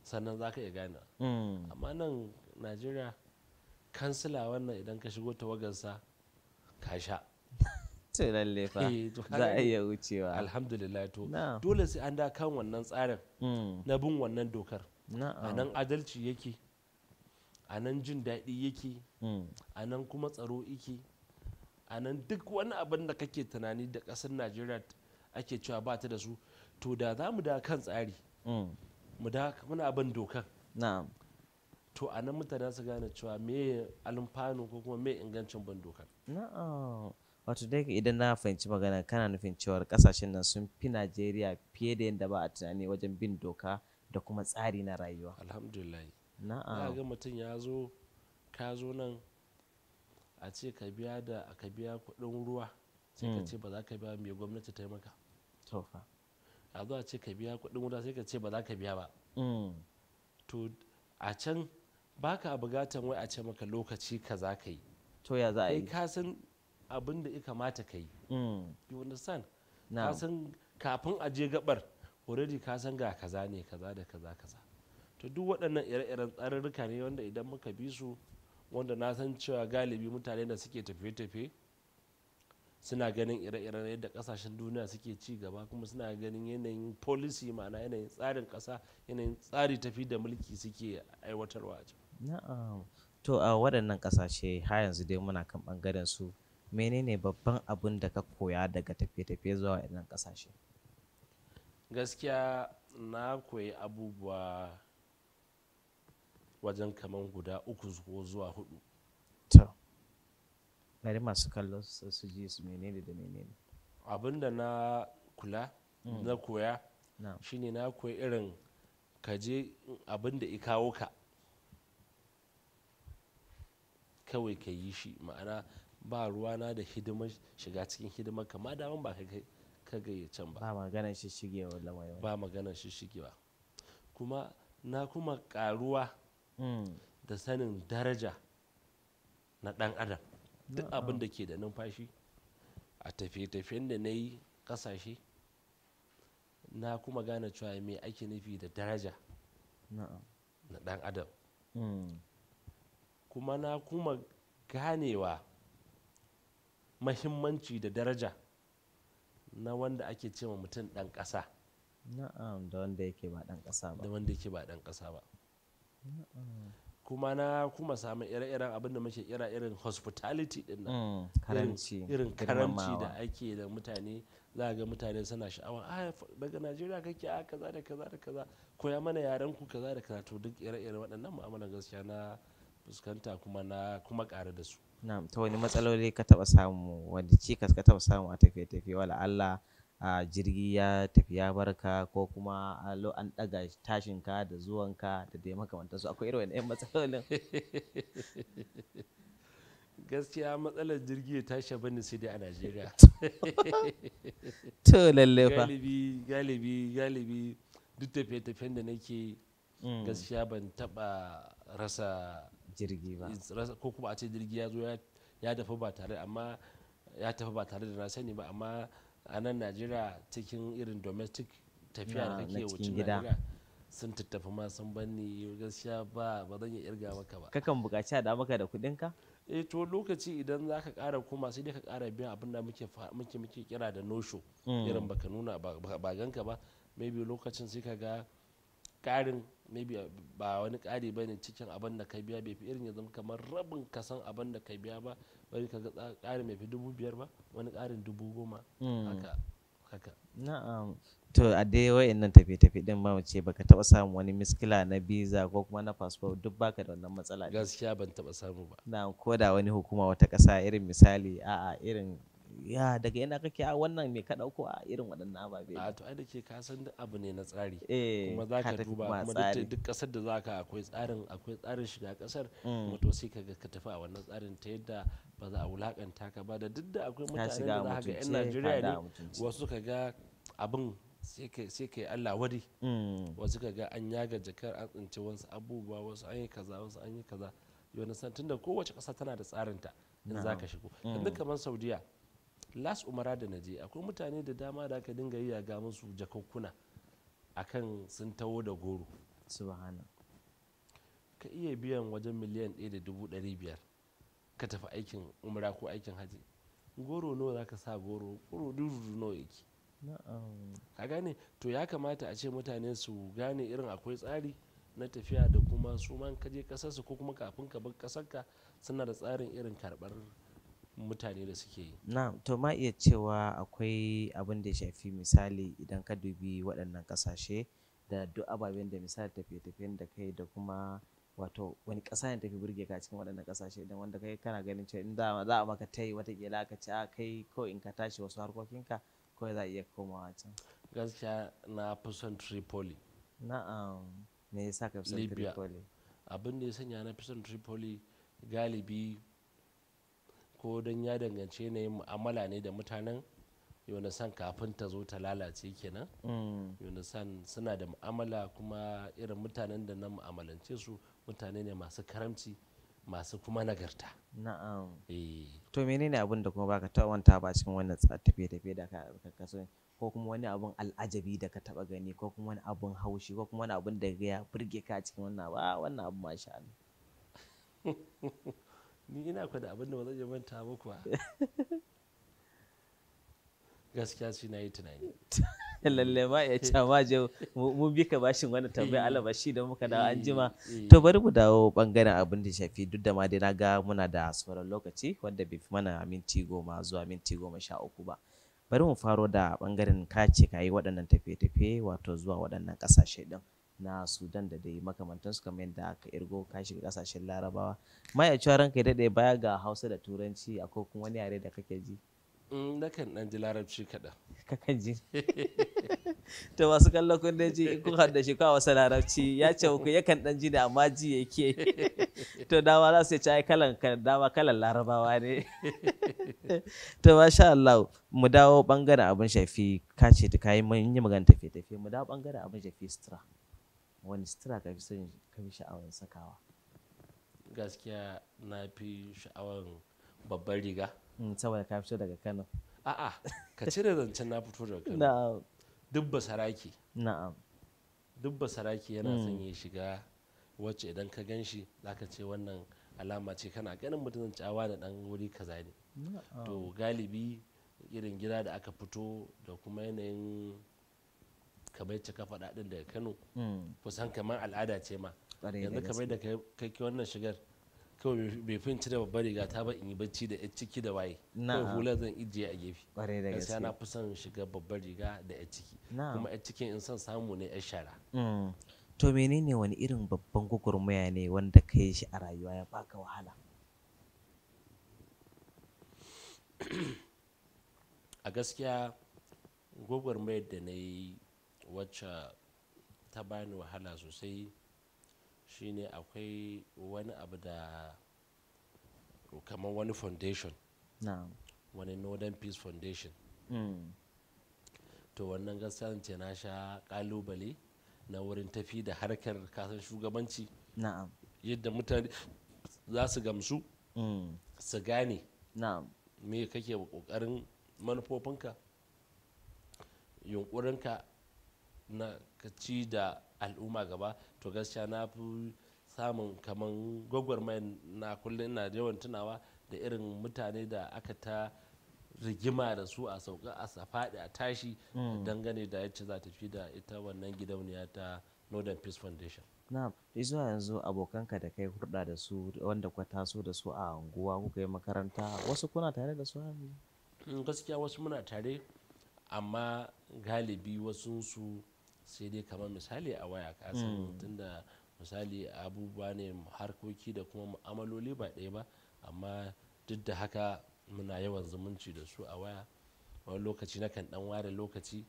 [SPEAKER 2] sannan za ka iya gane
[SPEAKER 1] mm. amma
[SPEAKER 2] nan najeriya kansila wannan idan ka shigo wagansa
[SPEAKER 1] ka sha tunan lefa eh, za a iya
[SPEAKER 2] wucewa alhamdulillah to dole sai an da kan wannan tsarin hmm. na bin wannan dokar a nan adalci yake a nan jin daɗi yake hmm. a nan kuma tsaro yake a nan duk wani abin da kake tunani da ƙasar najeriya ake cewa ba ta da su to da za mu da kan tsari hmm. muna abin dokar. to a nan mutane su gane cewa me alfanu ko kuma me ingancin ban dokar
[SPEAKER 1] wato dai idan na fahimci magana kana nufin cewar kasashen nan sun fi najeriya fiye da yadda ba a tunani wajen bin doka da kuma tsari na rayuwa alhamdulillah na'am ga
[SPEAKER 2] mutum ya zo ka zo nan a ce ka biya da ka biya kuɗin ruwa sai ka hmm. ce ba za ka biya mai gwamnati ta maka a zo a ce ka biya kuɗin ruwa sai ka ce ba za ka biya ba hmm. to a can Ba ka bukatan wai a ce maka lokaci kaza ka yi to ya za a yi ka san abin da ya kamata ka yi mm. you understand ka san kafin a je gabar already ka san ga kaza ne kaza da kaza kaza to duk waɗannan ire-iren tsarurruka ne wanda idan muka bi su wanda na san cewa galibi mutane da suke tafiye-tafiye suna ganin ire-iren yadda kasashen duniya suke ci gaba kuma suna ganin yanayin policy ma'ana yanayin tsarin ƙasa yanayin tsari tafi da mulki suke aiwatarwa a can
[SPEAKER 1] Na'am. To a waɗannan ƙasashe har yanzu dai muna kan ɓangaren su menene babban abin da ka koya daga tafiye-tafiye zuwa waɗannan ƙasashe?
[SPEAKER 2] Gaskiya na koyi abubuwa wajen kaman guda uku ko zuwa hudu. To, bari masu kallo su ji su menene da menene. Abin da na kula, mm. na koya, shine na koyi irin kaje abin da ya kawo ka. kawai ka yi shi ma'ana ba ruwana da hidimar shiga cikin hidimar kama ma daman ba ka gayyacen ba ba maganar shigewa lamarin ba maganar shigewa kuma na kuma karuwa hmm. da sanin daraja na dan adam duk abin da ke da numfashi a tafiye-tafiyen da na yi kasashe na kuma gane cewa mai ake nufi da daraja na dan adam hmm. kuma na kuma ganewa mahimmanci da daraja na wanda ake cewa mutum ɗan ƙasa
[SPEAKER 1] na'am da wanda yake ba ɗan ƙasa ba
[SPEAKER 2] da wanda yake ba ɗan ƙasa ba kuma na kuma samu ire-iren abin da muke ira irin hospitality din nan mm, irin karanci da ake da mutane za ga mutane suna sha'awa a daga najeriya kake a ah, kaza da kaza da kaza koya mana yaren ku kaza da kaza to duk ire-iren waɗannan mu'amalan gaskiya na fuskanta kuma na kuma ƙara da su na'am ta wani matsaloli
[SPEAKER 1] ka taɓa samu wanda cikas ka taɓa samu a tafiye-tafiye wala Allah a jirgi ya tafi ya barka ko kuma an ɗaga tashinka da zuwanka da dai makamantansu akwai irin wani matsalolin [laughs] gaskiya matsalar jirgi ya tashi bane sai dai a najeriya
[SPEAKER 2] to lalle fa galibi galibi galibi duk tafiye-tafiyen da nake mm. gaskiya ban taɓa rasa jirgi ba ko kuma a ce jirgi ya zo ya tafi ba tare amma ya tafi ba tare da na sani ba amma a nan najeriya cikin irin domestic tafiya ah, da kake wucin najeriya sun tattafi ma sun banni gaskiya ba ba zan iya irga maka ba
[SPEAKER 1] kakan bukaci a da maka da kudin
[SPEAKER 2] ka eh to lokaci idan za ka kara koma sai dai ka kara biyan abin da muke muke kira da nosho mm. irin baka nuna ba ganka ba maybe lokacin sai ka ga Karin maybe ba wani kari bane cikin abin da ka biya bai fi irin ya zama kamar rabin kasan abin da ka biya ba wani ka ga karin mai fi dubu biyar ba wani ƙarin dubu goma hmm. haka haka
[SPEAKER 1] na'am to a dai nan tafiye-tafiye din mu ce baka taba samu wani miskila na visa ko kuma na passport duk baka da wannan matsala gaskiya ban taba samu ba na ko da wani hukuma wata kasa irin misali a'a irin ya daga yana kake a wannan me ka dauko a irin waɗannan ababe a to ai da ke kasan duk abu ne na tsari eh, kuma za ka duba kuma duk
[SPEAKER 2] kasar da za ka akwai tsarin akwai tsarin shiga kasar mm. kuma to sai ka ka tafi a wannan tsarin ta yadda ba za a wulakanta ka ba da duk da akwai mutanen da za ka yan Najeriya ne wasu ka ga abin sai ka yi Allah wadi. Mm. wasu ka ga an yaga jakar an tsinci wasu abubuwa wasu an yi kaza wasu an yi kaza yau na san tunda kowace ƙasa tana da tsarinta in za ka shigo mm. yanzu kamar saudiya las umara da naje akwai mutane da dama da aka dinga yi ga musu jakakkuna kan sun tawo da goro ka iya biyan wajen miliyan 1.500 ka tafi aikin umara ko aikin haji goro nawa za sa goro goro duru nawa yake ka gane to ya kamata a ce mutane su gane irin akwai tsari na tafiya da kuma suman man kaje kasarsa ko kuma kafin ka bar kasarka suna da tsarin irin karbar. mutane da suke yi
[SPEAKER 1] na to ma iya cewa akwai abin da ya shafi misali idan ka dubi waɗannan ƙasashe da duk ababen da misali tafiye-tafiyen da kai da kuma wato wani ƙasa ne tafi burge ka cikin waɗannan ƙasashe idan wanda kai kana ganin cewa in za a maka ta yi watakila ka ci a kai ko in ka tashi wasu harkokinka ko za a iya komawa can gaskiya na fi son tripoli na'am me yasa ka fi son tripoli
[SPEAKER 2] abin da ya sanya na fi son tripoli galibi ko don ya danganci yanayin mu'amala ne da mutanen yunasan kafin ta zo ta lalace kenan mm. yunasan suna da mu'amala kuma irin mutanen da na mu'amalance su mutane ne masu karamci masu kuma nagarta
[SPEAKER 1] na'am eh. to menene abin da kuma baka ta wanta ba cikin wannan tafiye tafiye da ka kaso ko kuma wani abun al'ajabi da ka taba gani ko kuma wani abun haushi ko kuma wani abun da ya burge ka cikin wannan ba ah, wannan abu masha Allah [laughs]
[SPEAKER 2] ni ina kwa da abin da ba muku ba
[SPEAKER 1] [laughs] gaskiya shi na yi tunani [laughs] lalle ma ya ce ma je mu bi ka bashin wani tambayi eh. alaba shi da muka dawo an jima eh. to bari mu dawo bangaren abin da shafi duk da ma dai na ga muna da sauran lokaci wanda bai fi mana minti goma zuwa minti goma sha uku ba bari mu faro da bangaren kace ka yi waɗannan tafiye-tafiye wato zuwa waɗannan ƙasashe ɗin na sudan da dai makamantansu kamar yadda aka irgo ka shiga kasashen larabawa mai ya cewa ranka daɗe baya ga hausa da turanci akwai kuma wani yare da kake ji
[SPEAKER 2] mm, nakan ɗan ji larabci kaɗan
[SPEAKER 1] [laughs] kakan ji [laughs] [laughs] to masu kallo kun dai ji in kun da shi kawai wasa larabci ya ce ku yakan ɗan ji da amma ji yake to dama za su ci ai kalan dama kalan larabawa ne to masha Allah mu dawo bangaren abin shafi ce ta kayi mun yi magana tafiye tafiye mu dawo bangaren abin shafi stra wani sutura ka fi son ka fi sha'awar sakawa gaskiya na fi
[SPEAKER 2] sha'awar babbar riga
[SPEAKER 1] mm, saboda ka fito daga kano
[SPEAKER 2] a'a ka cire zancen na fito daga kano dubba saraki na'am dubba saraki yana son mm. ya shiga wacce idan ka gan shi zaka ce wannan alama ce kana ganin mutum cawa da dan wuri kaza ne to galibi irin gida da aka fito da kuma yanayin kamar yadda ka faɗa ɗin daga kano mm. kusan kamar al'ada ce ma yanzu kamar da kai wannan shigar kawai bai ci da babbar riga ta ba in yi bacci da yan ciki da waye kawai hula zan ijiye a gefe gaskiya na fi son shiga babbar riga da yan ciki kuma yan cikin in son samu ne yan shara
[SPEAKER 1] mm. to menene wani irin babban gwagwarmaya ne wanda ka yi shi a rayuwa ya baka wahala
[SPEAKER 2] a gaskiya gwagwarmayar da na yi wacce ta bani wahala sosai shine akwai wani abu da kamar wani foundation wani northern peace foundation mm. to wannan gaskiya ce na sha kalubale na wurin tafi da harkar kasan shugabanci yadda mutane za su gamsu mm. su gane me kake kokarin manufofinka yunkurinka na ci da al'umma gaba to gaskiya na fi samun kamar gwagwarmayar na kullum na yawan tunawa da irin mutane da aka ta rigima da su a sauka a safaɗi a tashi mm. dangane da yacce za ta fi da ita wannan gidauniya ta northern peace foundation
[SPEAKER 1] na eh, zuwa yanzu abokanka da kai hurɗa da su wanda ka taso da su a unguwa kuka yi makaranta wasu kuna tare da su mm,
[SPEAKER 2] gaskiya wasu muna tare amma galibi wasu su sai dai kamar misali a waya ka san mm. tunda misali abubuwa ne harkoki da kuma mu'amaloli ba ɗaya ba amma duk da haka muna yawan zumunci da su a waya wani lokaci na kan dan ware lokaci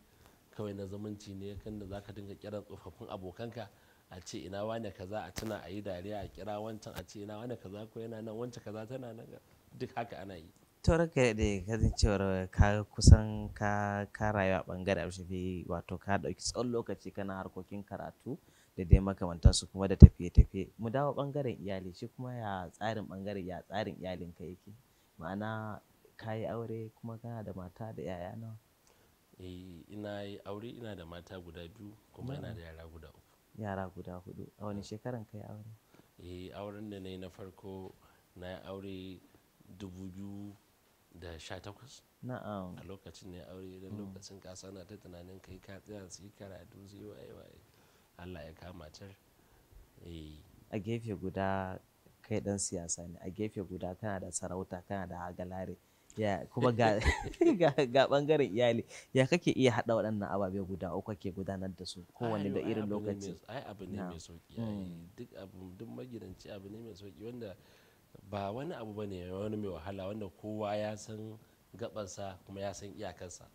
[SPEAKER 2] kawai na zumunci ne kan da zaka dinga kiran tsofaffin abokanka a ce ina wane kaza a tuna a yi dariya a kira wancan a ce ina wane kaza ko yana nan wancan kaza tana nan duk haka ana yi
[SPEAKER 1] taurar ka da kasan cewar ka kusan ka ka rayu a bangare abu shafi wato ka dauki tsawon lokaci kana harkokin karatu da dai makamantan su kuma da tafiye-tafiye mu dawo bangaren iyali shi kuma ya tsarin bangaren ya tsarin iyalin ka yake ma'ana ka yi aure kuma kana da mata da yaya nawa
[SPEAKER 2] eh ina yi aure ina da mata guda biyu kuma ina da yara guda uku
[SPEAKER 1] yara guda hudu a wani shekaran ka yi aure
[SPEAKER 2] eh auren da na yi na farko na yi aure dubu biyu da sha takwas na'am a lokacin ne aure don mm. lokacin kasa na ta tunanin kai ka tsaya su yi karatu su yi waye waye allah ya kama tar
[SPEAKER 1] eh. a gefe guda kai dan siyasa ne a gefe guda kana da sarauta kana da hagalare ya kuma ga bangaren [laughs] iyali ya kake iya hada waɗannan ababe guda uku kake gudanar da su kowane da irin lokaci ai abu ne mai sauki mm.
[SPEAKER 2] duk abu duk magidanci abu ne mai sauki wanda ba wani abu ba ne wani mai wahala wanda kowa ya san gabansa kuma ya san iyakarsa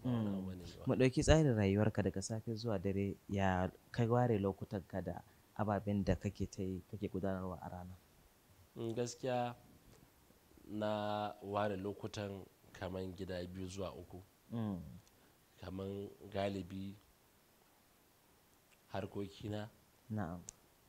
[SPEAKER 1] mu ɗauki tsarin rayuwarka daga safe zuwa dare ya kai ware lokutan ka da ababen da kake ta yi kake gudanarwa a rana
[SPEAKER 2] mm, gaskiya na ware lokutan kaman gida biyu zuwa uku mm. Kaman galibi harkokina na'am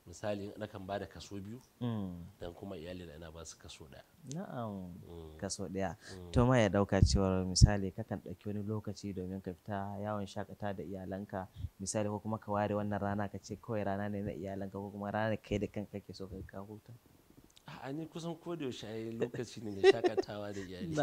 [SPEAKER 2] misali na kan ba da kaso biyu mm. don kuma iyalina ina ba su kaso ɗaya
[SPEAKER 3] na'am
[SPEAKER 1] mm. kaso ɗaya mm. to ma ya dauka cewar misali kakan ɗauki wani lokaci domin ka fita yawon shakata da iyalanka misali ko kuma ka ware wannan rana ka ce kawai rana ne na iyalanka ko kuma rana kai da kanka ke so ka huta
[SPEAKER 2] Ah, ni kusan koda yaushe [laughs] lokaci
[SPEAKER 1] ne na shakatawa da iyali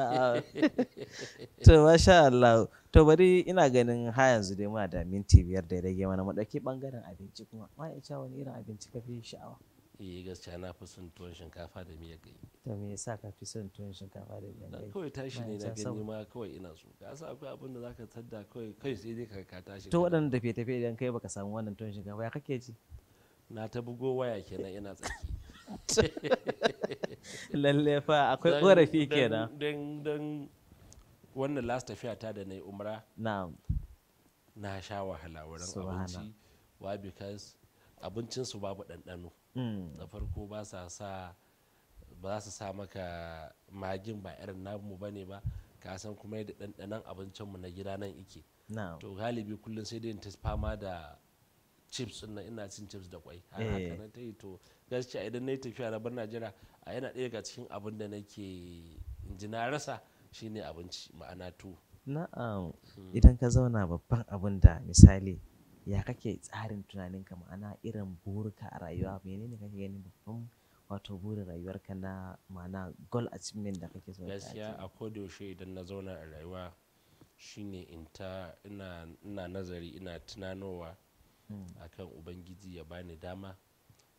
[SPEAKER 1] [laughs] to masha Allah to bari ina ganin ha yanzu dai muna da minti biyar da rage mana mu dauki bangaren abinci kuma cewa wani irin abinci ka fi sha'awa
[SPEAKER 2] eh gaskiya na fi son tuwon shinkafa da miyar gai
[SPEAKER 1] to me yasa ka fi son tuwon shinkafa da miyar gai kawai tashi ne na gani
[SPEAKER 2] ma kawai ina so ka san akwai abin da zaka tadda kawai kai sai dai ka ka tashi to
[SPEAKER 1] waɗannan tafiye-tafiye idan kai baka samu wannan tuwon shinkafa ya kake ji
[SPEAKER 2] na ta bugo waya kenan ina tsaki [laughs]
[SPEAKER 1] lalle fa akwai korafi kenan
[SPEAKER 2] don don wannan last tafiya ta da na yi umra na'am na sha wahala
[SPEAKER 3] wurin abinci
[SPEAKER 2] wa because abincin su babu ɗanɗano Da hmm. farko ba sa sa ba za su sa maka magin ba irin namu ba ne ba ka san kuma yadda ɗanɗanon mu na gida nan ike to galibi kullum sai dai ta fama da chips na ina cin chips da kwai har haka eh. na ta to gaskiya idan na yi tafiya na bar najeriya a yana ɗaya daga cikin abin da nake ji na rasa shine abinci ma'ana tuwo
[SPEAKER 1] na'am hmm. idan ka zauna babban abin da misali ya kake tsarin tunanin ka ma'ana irin burka a rayuwa menene kake ganin babban wato burin rayuwarka na ma'ana goal achievement da kake so gaskiya a
[SPEAKER 2] yaushe idan na zauna a rayuwa shine in ta ina nazari ina tunanowa hmm. akan ubangiji ya bani dama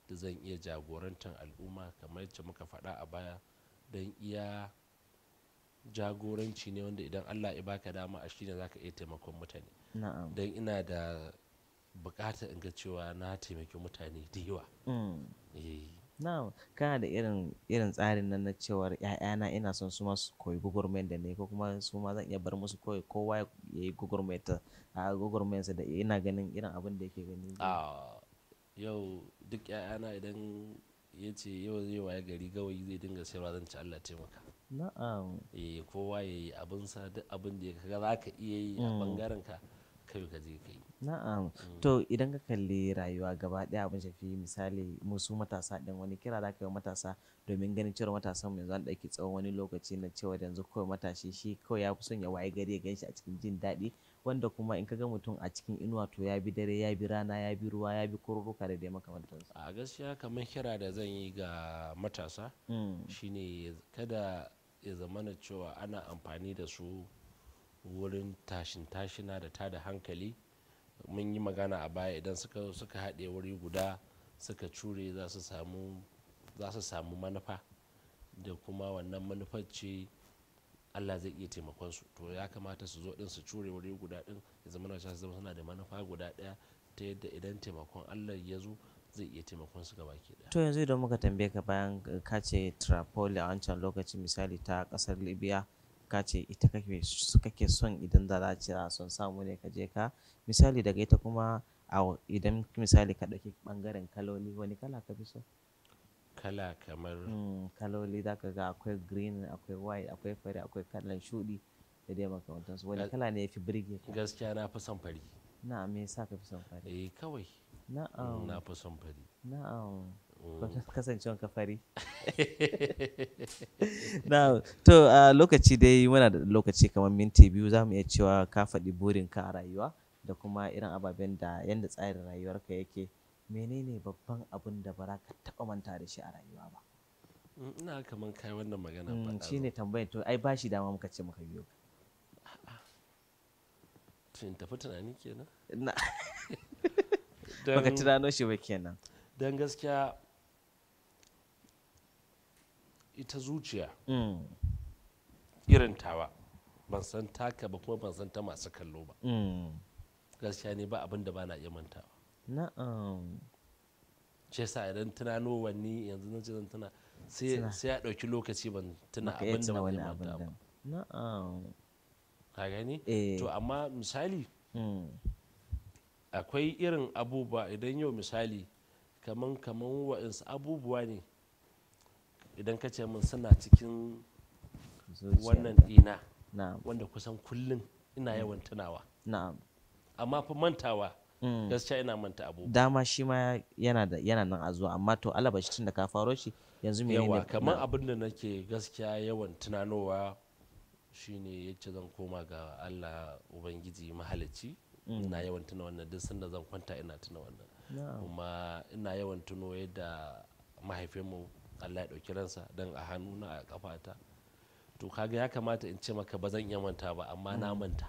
[SPEAKER 2] da zan iya jagorantar al'umma kamar yadda muka faɗa a baya don iya jagoranci ne wanda idan allah ya baka dama a shine zaka iya taimakon mutane don ina da bukatar in ga cewa na taimaki mutane da yawa mm. eh.
[SPEAKER 1] na'am kana da irin irin tsarin nan na cewar ‘ya'yana ina son su ma su koyi gugurmen da ne ko kuma su ma zan iya bar musu koyi kowa ya yi gugurmen ta a gugurmen da ina ganin irin abin da yake gani
[SPEAKER 2] ah. yau duk 'ya'yana idan ya ce yau zai waye gari gawayi zai dinga sayarwa zan ci Allah taimaka
[SPEAKER 3] na'am
[SPEAKER 2] eh kowa yayi abin sa duk abin da kaga zaka iya yi a bangaren mm. ka kai ka je kai
[SPEAKER 1] na'am mm. to idan ka kalli rayuwa gaba ɗaya abin shafi misali musu matasa ɗin wani kira da yi matasa domin ganin cewa matasan mu yanzu an dauki tsawon wani lokaci na cewa yanzu kawai matashi shi kawai ya fi son ya waye gari ya ganshi a cikin jin daɗi wanda kuma in kaga mutum a cikin inuwa to ya bi dare ya bi rana ya bi ruwa ya bi kururuka da dai makamantansu
[SPEAKER 2] a gaskiya kamar kira da zan yi ga matasa mm. shine kada ya zamana cewa ana amfani da su wurin tashin tashina da tada hankali mun yi magana a baya idan suka suka haɗe wuri guda suka cure za su samu manufa da kuma wannan manufar ce allah zai iya taimakon su to ya kamata su zo din su cure wuri guda din ya zama na su zama suna da manufa guda daya ta yadda idan taimakon allah ya zo zai iya taimakon su gaba ke
[SPEAKER 1] to yanzu idan muka tambaye ka bayan ka ce tripoli a wancan lokacin misali ta kasar libya ka ce ita kake son idan za a ce son samu ne ka je ka misali daga ita kuma a idan misali ka ɗauki ɓangaren kaloli wani kala ka fi so kala kamar hmm, kaloli za ka ga akwai green akwai white akwai fari akwai kalan shudi. da dai su wani kala ne ya fi birge ka
[SPEAKER 2] gaskiya na fi son fari
[SPEAKER 1] na'am me yasa ka fi son
[SPEAKER 2] fari eh kawai na'am na fi son fari na'am mm.
[SPEAKER 1] kasancewan ka fari [laughs] na'am to lokaci dai muna da lokaci kamar minti biyu za mu iya cewa ka faɗi burinka a rayuwa da kuma irin ababen da yadda tsarin rayuwarka yake menene babban abun da ba za ka taɓa manta da shi a rayuwa ba
[SPEAKER 2] mm, ina kaman kai wannan magana mm, ba shi ne
[SPEAKER 1] tambayar to ai bashi dama muka ce muka biyo tun tafi tunani kenan na [laughs] baka tunano shi ba kenan
[SPEAKER 2] don gaskiya ita zuciya mm. irin tawa ban san taka ba kuma ban san ta masu kallo ba gaskiya ne ba abin da ba na iya mantawa
[SPEAKER 3] na'am
[SPEAKER 2] shi idan tunano wani yanzu na zan tuna sai ya ɗauki lokaci ban tuna
[SPEAKER 3] abin da wani manta ba
[SPEAKER 2] na'am ka gani eh. to amma misali hmm. akwai irin abubuwa idan yau misali kaman kaman wa'insu abubuwa ne idan ka ce min suna cikin wannan ina wanda kusan kullum ina yawan tunawa amma fa mantawa Mm. gaskiya ina manta abu
[SPEAKER 1] dama shi ma yana nan a zuwa amma to alaba shi tun da ka faro shi yanzu me yawa kamar
[SPEAKER 2] abin da nake gaskiya yawan tunanowa shine yace zan koma ga Allah ubangiji mahalicci mm. ina yawan tuna wannan duk sanda zan kwanta ina tuna wannan kuma ina yawan tuno yadda mahaifinmu Allah ya ɗauki ransa dan a na a kafata to kaga ya kamata in ce maka ba zan iya manta ba amma na mm. manta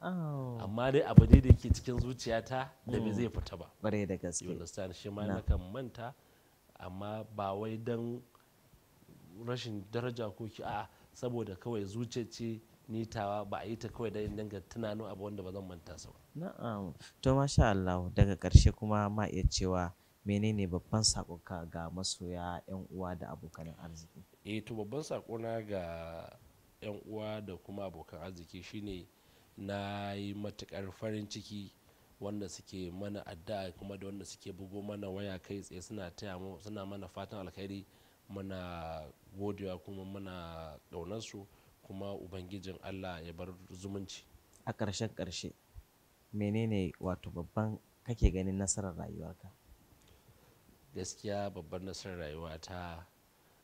[SPEAKER 3] amma
[SPEAKER 2] dai abu dai da ke cikin zuciyata da bai mm. zai fita ba bare da gaske understand shi ma na kan manta amma ba wai dan rashin daraja ko ki a saboda kawai zuciya ce ni tawa ba a yi ta kawai da dinga tunanin abu wanda ba zan manta sa ba
[SPEAKER 1] na'am to masha Allah daga karshe kuma ma iya cewa menene babban sakonka ga masoya yan uwa da abokan arziki
[SPEAKER 2] eh to babban sakona ga yan uwa da kuma abokan arziki shine na yi matukar farin ciki wanda suke mana addu'a kuma da wanda suke bugo mana waya kai tsaye suna taya mu suna mana fatan alkhairi muna godewa kuma muna ƙaunarsu kuma ubangijin allah ya bar zumunci
[SPEAKER 1] a ƙarshen ƙarshe menene wato babban kake ganin nasarar rayuwarka
[SPEAKER 2] gaskiya babban nasarar rayuwa ta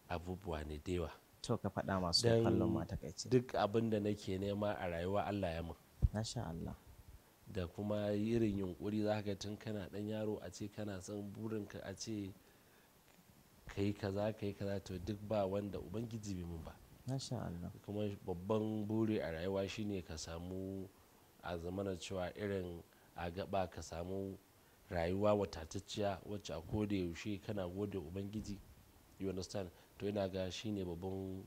[SPEAKER 2] abubuwa ne dewa
[SPEAKER 1] to ka faɗa masu kallon kai ce
[SPEAKER 2] duk abin da nake nema a rayuwa Allah ya mun
[SPEAKER 1] masha Allah
[SPEAKER 2] da kuma irin yunkuri zaka ka tun kana dan yaro a ce kana son burinka a ce kai kaza kai kaza to duk ba wanda ubangiji bai mun ba kuma babban buri a rayuwa shine ka samu a cewa irin a gaba ka samu rayuwa watatacciya wacce a koda yaushe kana gode ubangiji you understand to yana ga shine babban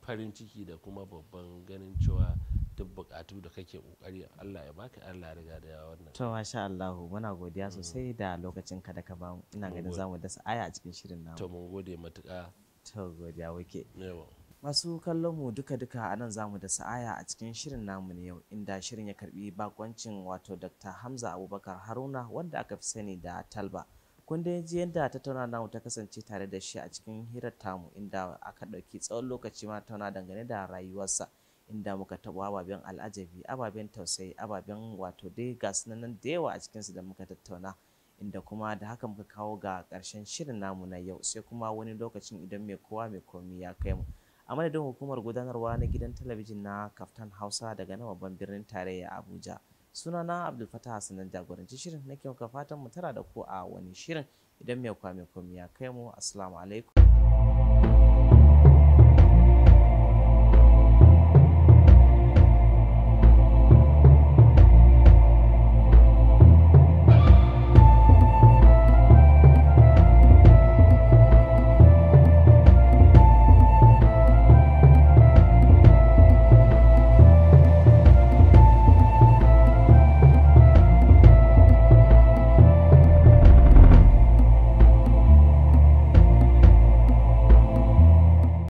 [SPEAKER 2] farin ciki da kuma babban ganin cewa duk bukatu da kake kokari Allah ya baka Allah ya riga da wannan to
[SPEAKER 1] masha Allah muna godiya mm. sosai da lokacin ka da ka bamu ina ganin zamu dasa aya a cikin shirin namu to mun gode matuƙa to godiya wake masu kallon mu duka-duka a nan zamu da sa'aya a cikin shirin namu ne yau inda shirin ya karbi bakoncin wato dr hamza abubakar haruna wanda aka fi sani da talba kun dai ji yadda tattauna namu ta kasance tare da shi a cikin hirar tamu inda aka ɗauki tsawon lokaci ma tauna dangane da rayuwarsa inda muka taɓa ababen al'ajabi ababen tausayi ababen wato dai ga nan da yawa a cikinsu da muka tattauna inda kuma da haka muka kawo ga ƙarshen shirin namu na yau sai kuma wani lokacin idan mai kowa mai komi ya kai mu a madadin hukumar gudanarwa na gidan talabijin na kaftan hausa daga nan babban birnin tarayya abuja sunana abdul fatah sanan jagoranci shirin nake maka fatan mu tara da ku a wani shirin idan mai kwame komi ya kai mu asalamu alaikum